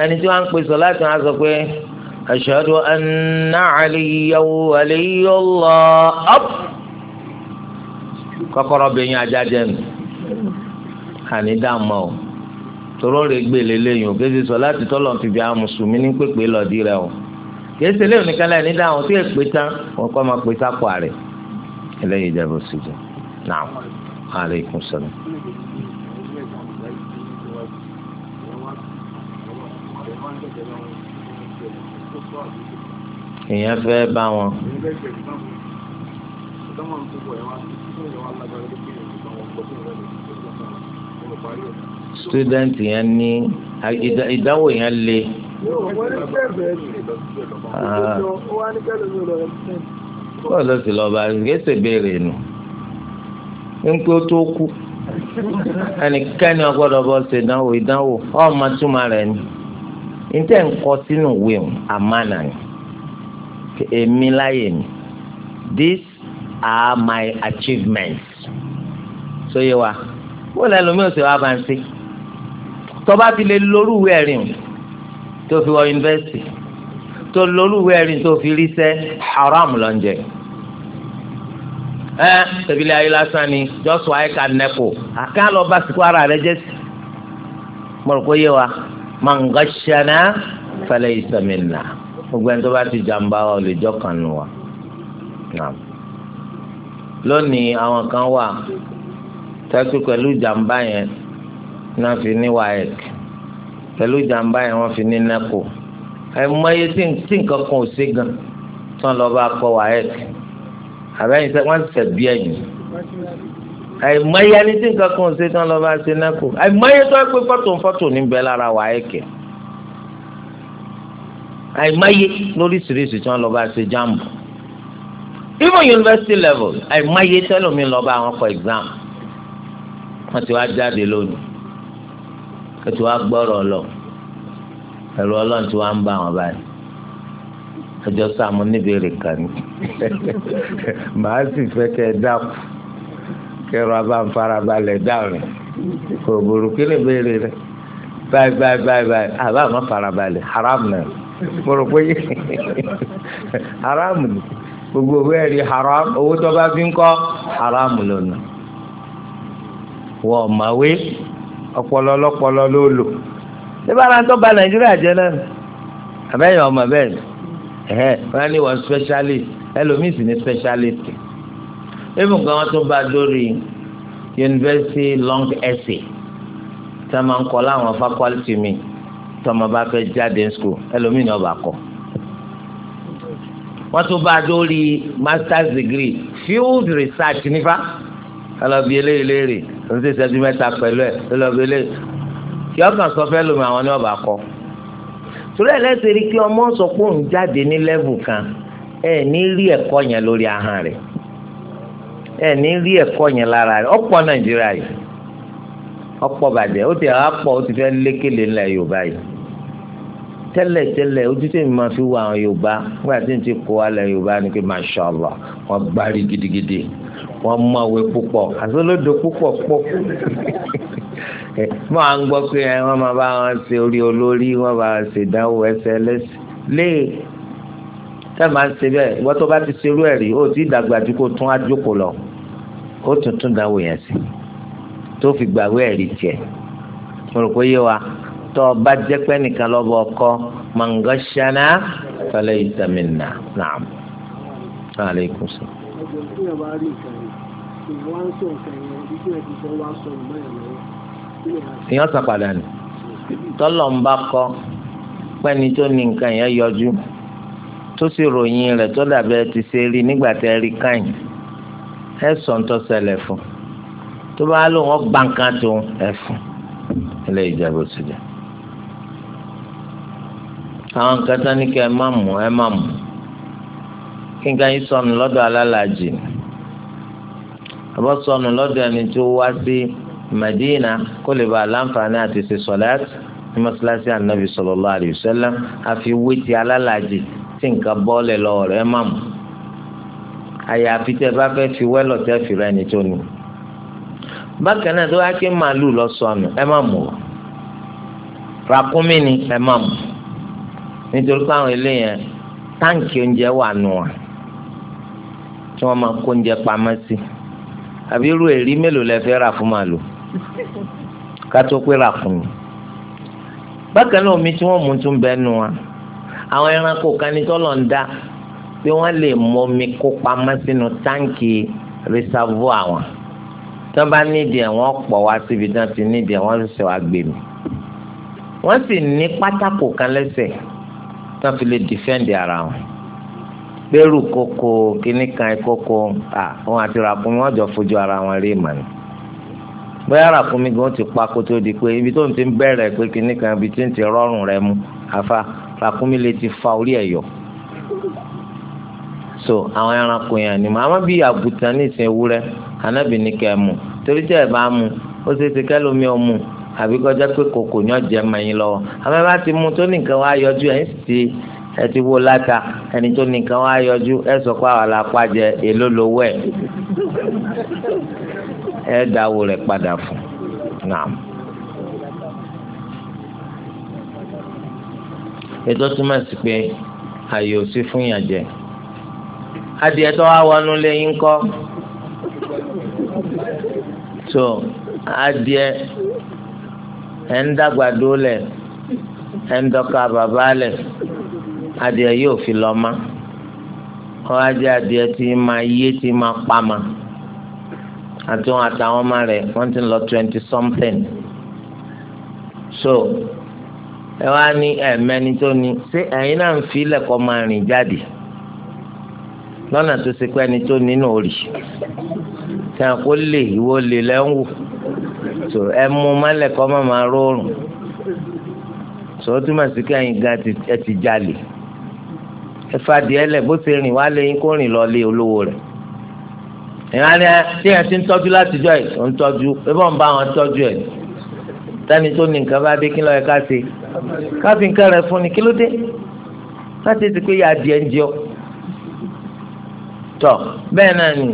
ẹni tí wọ́n á pe sọláàtì wọn á sọ pé ashhadu anna aliyahu waliyullah ọ́p kọ́kọ́rọ́ bẹ̀yìn ajá jẹ́ nu àní dáhùn mọ́ o tọrọ rẹ gbé lélẹyìn o kéde sọ láti tọ́lọ̀ fi bí àwọn mùsùlùmí ní pèpè lọ́ọ̀dì rẹ o kéésì lẹ́yìn nìkan láì ní dáhùn tí èpè tán wọn kọ́ máa pè sápò àrẹ ẹlẹ́yìn ìjẹ́bù sí jù náà ààrẹ ikùn sọ̀rọ̀. èèyàn fẹ́ bá wọn. Thank you student yẹn ní ìdánwò yẹn le. Ah. bọ́ọ̀ ló sì lọ bá gẹ́sẹ̀ béèrè nù nípa ó tó kú ẹnikẹ́ni ọgbọ́dọ̀ bọ́ ṣe ìdánwò ìdánwò ọmọ túmọ̀ rẹ̀ ni níta nkọ sínú ìwé mu àmàna ni èmi láyè mi these are my achievements. sọ yẹ wa wọ́n lẹ́nu mi ò sì wá bá ń sí tọba fi lè lórúwé ẹ̀rìn tó fi wọ yunifásitì tó lórúwé ẹ̀rìn tó fi ríṣẹ́ haram ló ń jẹ ẹ tẹbílẹ ayé lásán ni jọsọ àyíká nẹpọ àká lọ bá sìkú ara rẹ jẹ sí yé wa màǹgàṣánná fẹlẹ̀ ìsàmìnà gbogbo ẹni tó bá ti jàǹbá wa lè jọ kàn nù wa. lónìí àwọn kan wà tẹ́sí pẹ̀lú jàǹbá yẹn náà fi ní waec pẹ̀lú ìjàmbá yẹn wọ́n fi ní neco ẹ̀mọ́yé tí nǹkan kan ò sí gan tí wọ́n lọ bá kọ waec àbẹ́yìn sẹ́ wọ́n sẹ̀ bí ẹ̀yìn ẹ̀mọ́yé ẹni tí nǹkan kan ò sí tí wọ́n lọ bá ṣe neco ẹ̀mọ́yé tó ẹ pé fọ́tò fọ́tò níbẹ̀ lára waec àìmáyé lóríṣiríṣi tí wọ́n lọ bá ṣe jáàmù even university level àìmáyé tẹlómi lọ bá wọn kọ exam wọ́n ti wá jáde lónìí ẹ ti wá gbọ́rọ̀ lọ ẹ̀rọ ọlọ́run ti wá ń bá wọn báyìí ẹjọ́ sàmú níbèrè kan ní màá sì fẹ́ kẹ́ ẹ dákun kẹrọ abáǹfarabalẹ̀ dáhùn kò burú kí ni béèrè rẹ báyìí báyìí báyìí báyìí àbá àmọ́ farabalẹ̀ haram náà mo rò haram ni gbogbo owó ẹ̀rí haram owó tó bá fi ń kọ́ haram lónìí wọ́n mọ̀wé ọpọlọ lọpọlọ ló lò nígbà máa ń tọ́ ba nàìjíríà jẹ náà àbẹ́yẹn ọmọ bẹ́ẹ̀ ni ẹ̀hẹ́ wọ́n á ní wọ́n specialist ẹlòmíì sì ní specialist even gan wọ́n tún bá lórí university long essay tí wọ́n máa ń kọ́ láwọn faculty mi tí wọ́n bá fẹ́ jáde school ẹlòmíì ni ọba kọ́ wọ́n tún bá lórí master's degree field research nípa ẹlòmíì eléyìí léèrè òun ti ṣẹ́jú mẹ́ta pẹ̀lú ẹ̀ tó lọ bí lé kí ọkàn sọ fẹ́ lómi àwọn ní ọba kọ torí ẹ̀ lẹ́sẹ̀ rí kí ọmọ sọ pé òun jáde ní lẹ́vù kan ẹ̀ ní rí ẹ̀kọ́ yẹn lórí ahọ́n rẹ̀ ẹ̀ ní rí ẹ̀kọ́ yẹn lára rẹ̀ ọ̀pọ̀ Nàìjíríà yìí ọ̀pọ̀ bàjẹ́ ó ti àwọn apọ̀ ó ti fẹ́ lékele ńlẹ̀ Yorùbá yìí tẹ́lẹ̀ tẹ́lẹ̀ ojú tí mi máa fi wá àwọn Yorùbá nígbà tí n ti kó alẹ́ Yorùbá ni pé masha Allah wọ́n gbárí gidigidi wọ́n mọ̀wé púpọ̀ àsọlódò púpọ̀ pọ̀ mọ̀ à ń gbọ́ pé wọ́n máa bá wọn ṣe orí olórí wọ́n bá ṣèdánwò ẹsẹ̀ lẹ́sẹ̀ léè tẹ́ máa ń ṣe bẹ́ẹ̀ ìwọ́n tó bá ti ṣerú ẹ̀rí ó ti dàgbà ju kó tún ajókòó lọ ó tún tún dánwò yẹn sí tó fi gbàwé ẹ̀rí tiẹ̀ mo rò pé yé wa tó o bá jẹ́ pé nìkan lọ́bọ̀ ọkọ mangosana fẹlẹ́ ìtàmínà naam. aleykum salaam èèyàn san padà ni tọ́lọ̀ ń bá kọ́ pẹ́ni tó ní nǹkan yẹn yọjú tó sì ròyìn rẹ̀ tó dàbẹ̀ ti ṣe rí nígbà tẹ́ rí káyìn ẹ sọ ń tó ṣẹlẹ̀ fún tó bá lò wọ́n gbá nǹkan tó ẹ fún ilé ìjẹ́bù sí jẹ́ àwọn nǹkan tán ní kí ẹ má mú ẹ má mú kí nǹkan yín sọnù lọ́dọ̀ alálàájì ni àbọ̀ sọnù lọ́dọ̀ ẹni tó wá sí Madina kó lè ba aláǹfààní àti ṣe sọ̀láàtì ní mọ́ṣáláṣí ànábì sallallahu alayhi wa sallam àfi wé ti alálàájì tí nǹkan bọ́ọ̀lẹ̀ lọ́wọ́ rẹ̀ máa mú àyàfi tẹ bá fẹ́ fi wẹ́lọ̀ tẹ́ fi rẹ̀ ní tó ni bákan náà tó wá ké màálù lọ ẹ má mú o ni ẹ má mú nítorí pé àwọn eléyẹn táǹkì oúnjẹ wà nù wọn tí wọ́n máa kó oúnjẹ pamọ́ sí. Si àbí irú èrí mélòó lẹ fẹ́ rà fún màlúù ká tó pé rà fún mi. bákan náà omi tí wọ́n mú tún bẹ́ẹ̀ nu wa àwọn ẹranko kan ní tọ́lọ̀ ń dá pé wọ́n lè mú omi kó pamọ́ sínú táǹkì reservoir àwọn tí bá nídìí ẹ̀ wọ́n pọ̀ wá síbi tí ti nídìí ẹ̀ wọ́n sọ àgbè mi. wọ́n sì ní pátákó kan lẹ́sẹ̀ tí fi lè dìfẹ́ǹdì ara wọn gbẹ́rù koko kíní kan koko à wọn àti ràkúnmí wọn jọ fojú ara wọn rí ìmọ̀ ni bóyá ràkúnmí gan ti pa kótó di pé ibi tó ń ti bẹ̀rẹ̀ pé kíní kan ibi tí ń ti rọrùn rẹ mu àfa ràkúnmí lè ti fa orí ẹ̀ yọ so àwọn ẹranko yẹn ni màmá bí àgùntàn ní ìsìn ewúrẹ́ anábì ní kẹ́ mu torí tẹ́ ẹ bá mu ó ṣe ti kẹ́lómi ọ mu àbí kọjá pé kòkò ní ọ̀jẹ̀ mọ́ yín lọ́wọ́ àmọ́ ẹ bá ti mu tó nìkan wá yọjú ẹ̀ ń sì ẹ ti wo láta ẹni tó nìkan wá yọjú ẹ sọ àwọn alápàjẹ èló lowó ẹ ẹ dáwó rẹ padà fún náà. ètò túmọ̀ sí pé àyè ò sí fún yàn jẹ adìẹ tó wá wọnú adìẹ yóò fi lọ ma ọ adìẹ adìẹ tí máa yé tí máa pa ma àti wọn àtàwọn ọmọ rẹ̀ wọ́n ti lọ twenty something so ẹ wá ní ẹ̀mẹ́ni tó ní ṣé ẹ̀yin náà ń fi lẹ́kọ̀ọ́ máa rìn jáde lọ́nà tó ṣe pé ẹni tó nínú òrì tí a kò lè ìwọ lè lẹ́wù tó ẹ mú mọ́lẹ̀ kọ́ máa máa rọrùn tó túmọ̀ sí kẹ́yìn gan ẹ ti jalè. So, ẹ̀fà díẹ̀ lẹ̀ bó ṣe rìn wá lẹ́yìn kó rìn lọ lé olówó rẹ̀ ìhànà tí yẹn ti ń tọ́jú látijọ́ ẹ̀ ń tọ́jú ebó ń bá wọn tọ́jú ẹ̀ tani tó ní nǹkan bá dé kí lọ́ọ́ yẹ ká ṣe ká nǹkan rẹ̀ fún ni kí ló dé láti ti pé yàá díẹ̀ ń jọ tọ bẹ́ẹ̀ náà ni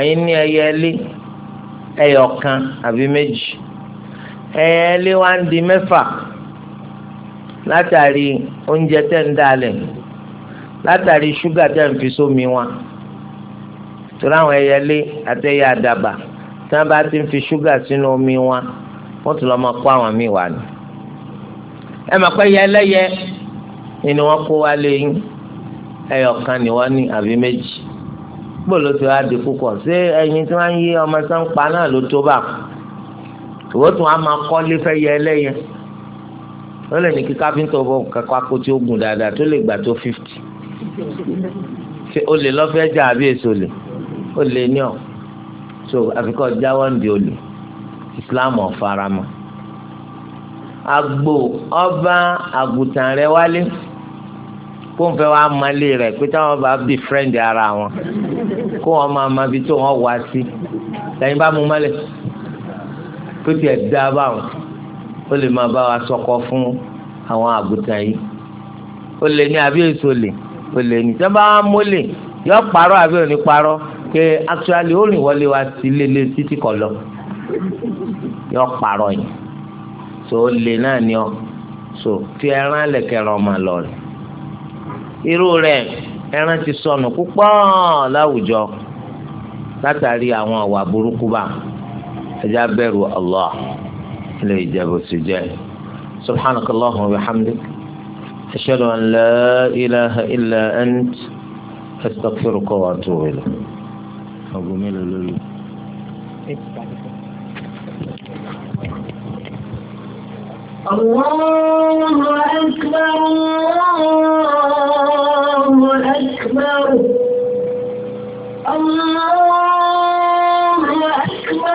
ẹ̀yin ní ẹyẹ ẹlé ẹyẹ ọ̀kan àbí méjì ẹyẹ ẹlé wa ń di mẹ́fà látàrí oúnjẹ tẹ́ ń dalẹ̀ látàrí ṣúgà tẹ̀ ń fi sómi wọn torí àwọn ẹyẹlé àtẹyẹ àdàbà tí wọn bá ti ń fi ṣúgà sínú omi wọn wọn tún lọ máa kó àwọn míì wá ni ẹ máa pẹ́ yẹ ẹlẹ́yẹ ni wọ́n kó wá lé yín ẹyọ kan ni wọ́n ní àbí méjì gbọ́dọ̀ tí wàá di púpọ̀ ṣé ẹyin tí wọ́n ń yí ọmọ tó pa náà ló tó bá ìwọ tún wàá máa kọ́ lé fẹ́ yẹ ẹlẹ́yẹ ó lè ní kí káfíńtà ọ̀bọ̀ kẹ́kọ̀ọ́ akótí ogun dáadáa tó lè gbà tó fífítì ṣe olè lọ́fẹ́ jà àbí èso lè olè ní ọ̀ so àfikọ́ jáwọ́ ń di olè Islam ọ̀farama agbo ọba àgùntàn rẹ wálé kó n fẹ́ wá malé rẹ̀ pé táwọn bá bí friend ara wọn kó wọn máa ma bí tó wọn wá sí lẹ́yìn bá mú malẹ̀ tó tiẹ̀ dá báwọn ó lè máa bá wa sọkọ fún àwọn àgùntàn yìí ó lè ní àbí èso lè olè ní tí wọ́n bá wá mólè yọ parọ́ àbí òní parọ́ pé actually ó rìn wọlé wa sí lélẹ̀ títí kọ lọ yọ parọ́ yìí so olè náà ni ọ so fi ẹran lẹ̀kẹ̀rẹ̀ ọmọ lọ rẹ̀ irú rẹ̀ ẹran ti sọnù púpọ̀ láwùjọ látàrí àwọn àwà burúkú bá ẹja bẹ̀rù Allah ilé ìjẹ́bù sì jẹ́ subhanakallahumma wa bihamdik. أشهد أن لا إله إلا أنت أستغفرك وأتوب إليك أبو ميلا الله أكبر الله أكبر الله أكبر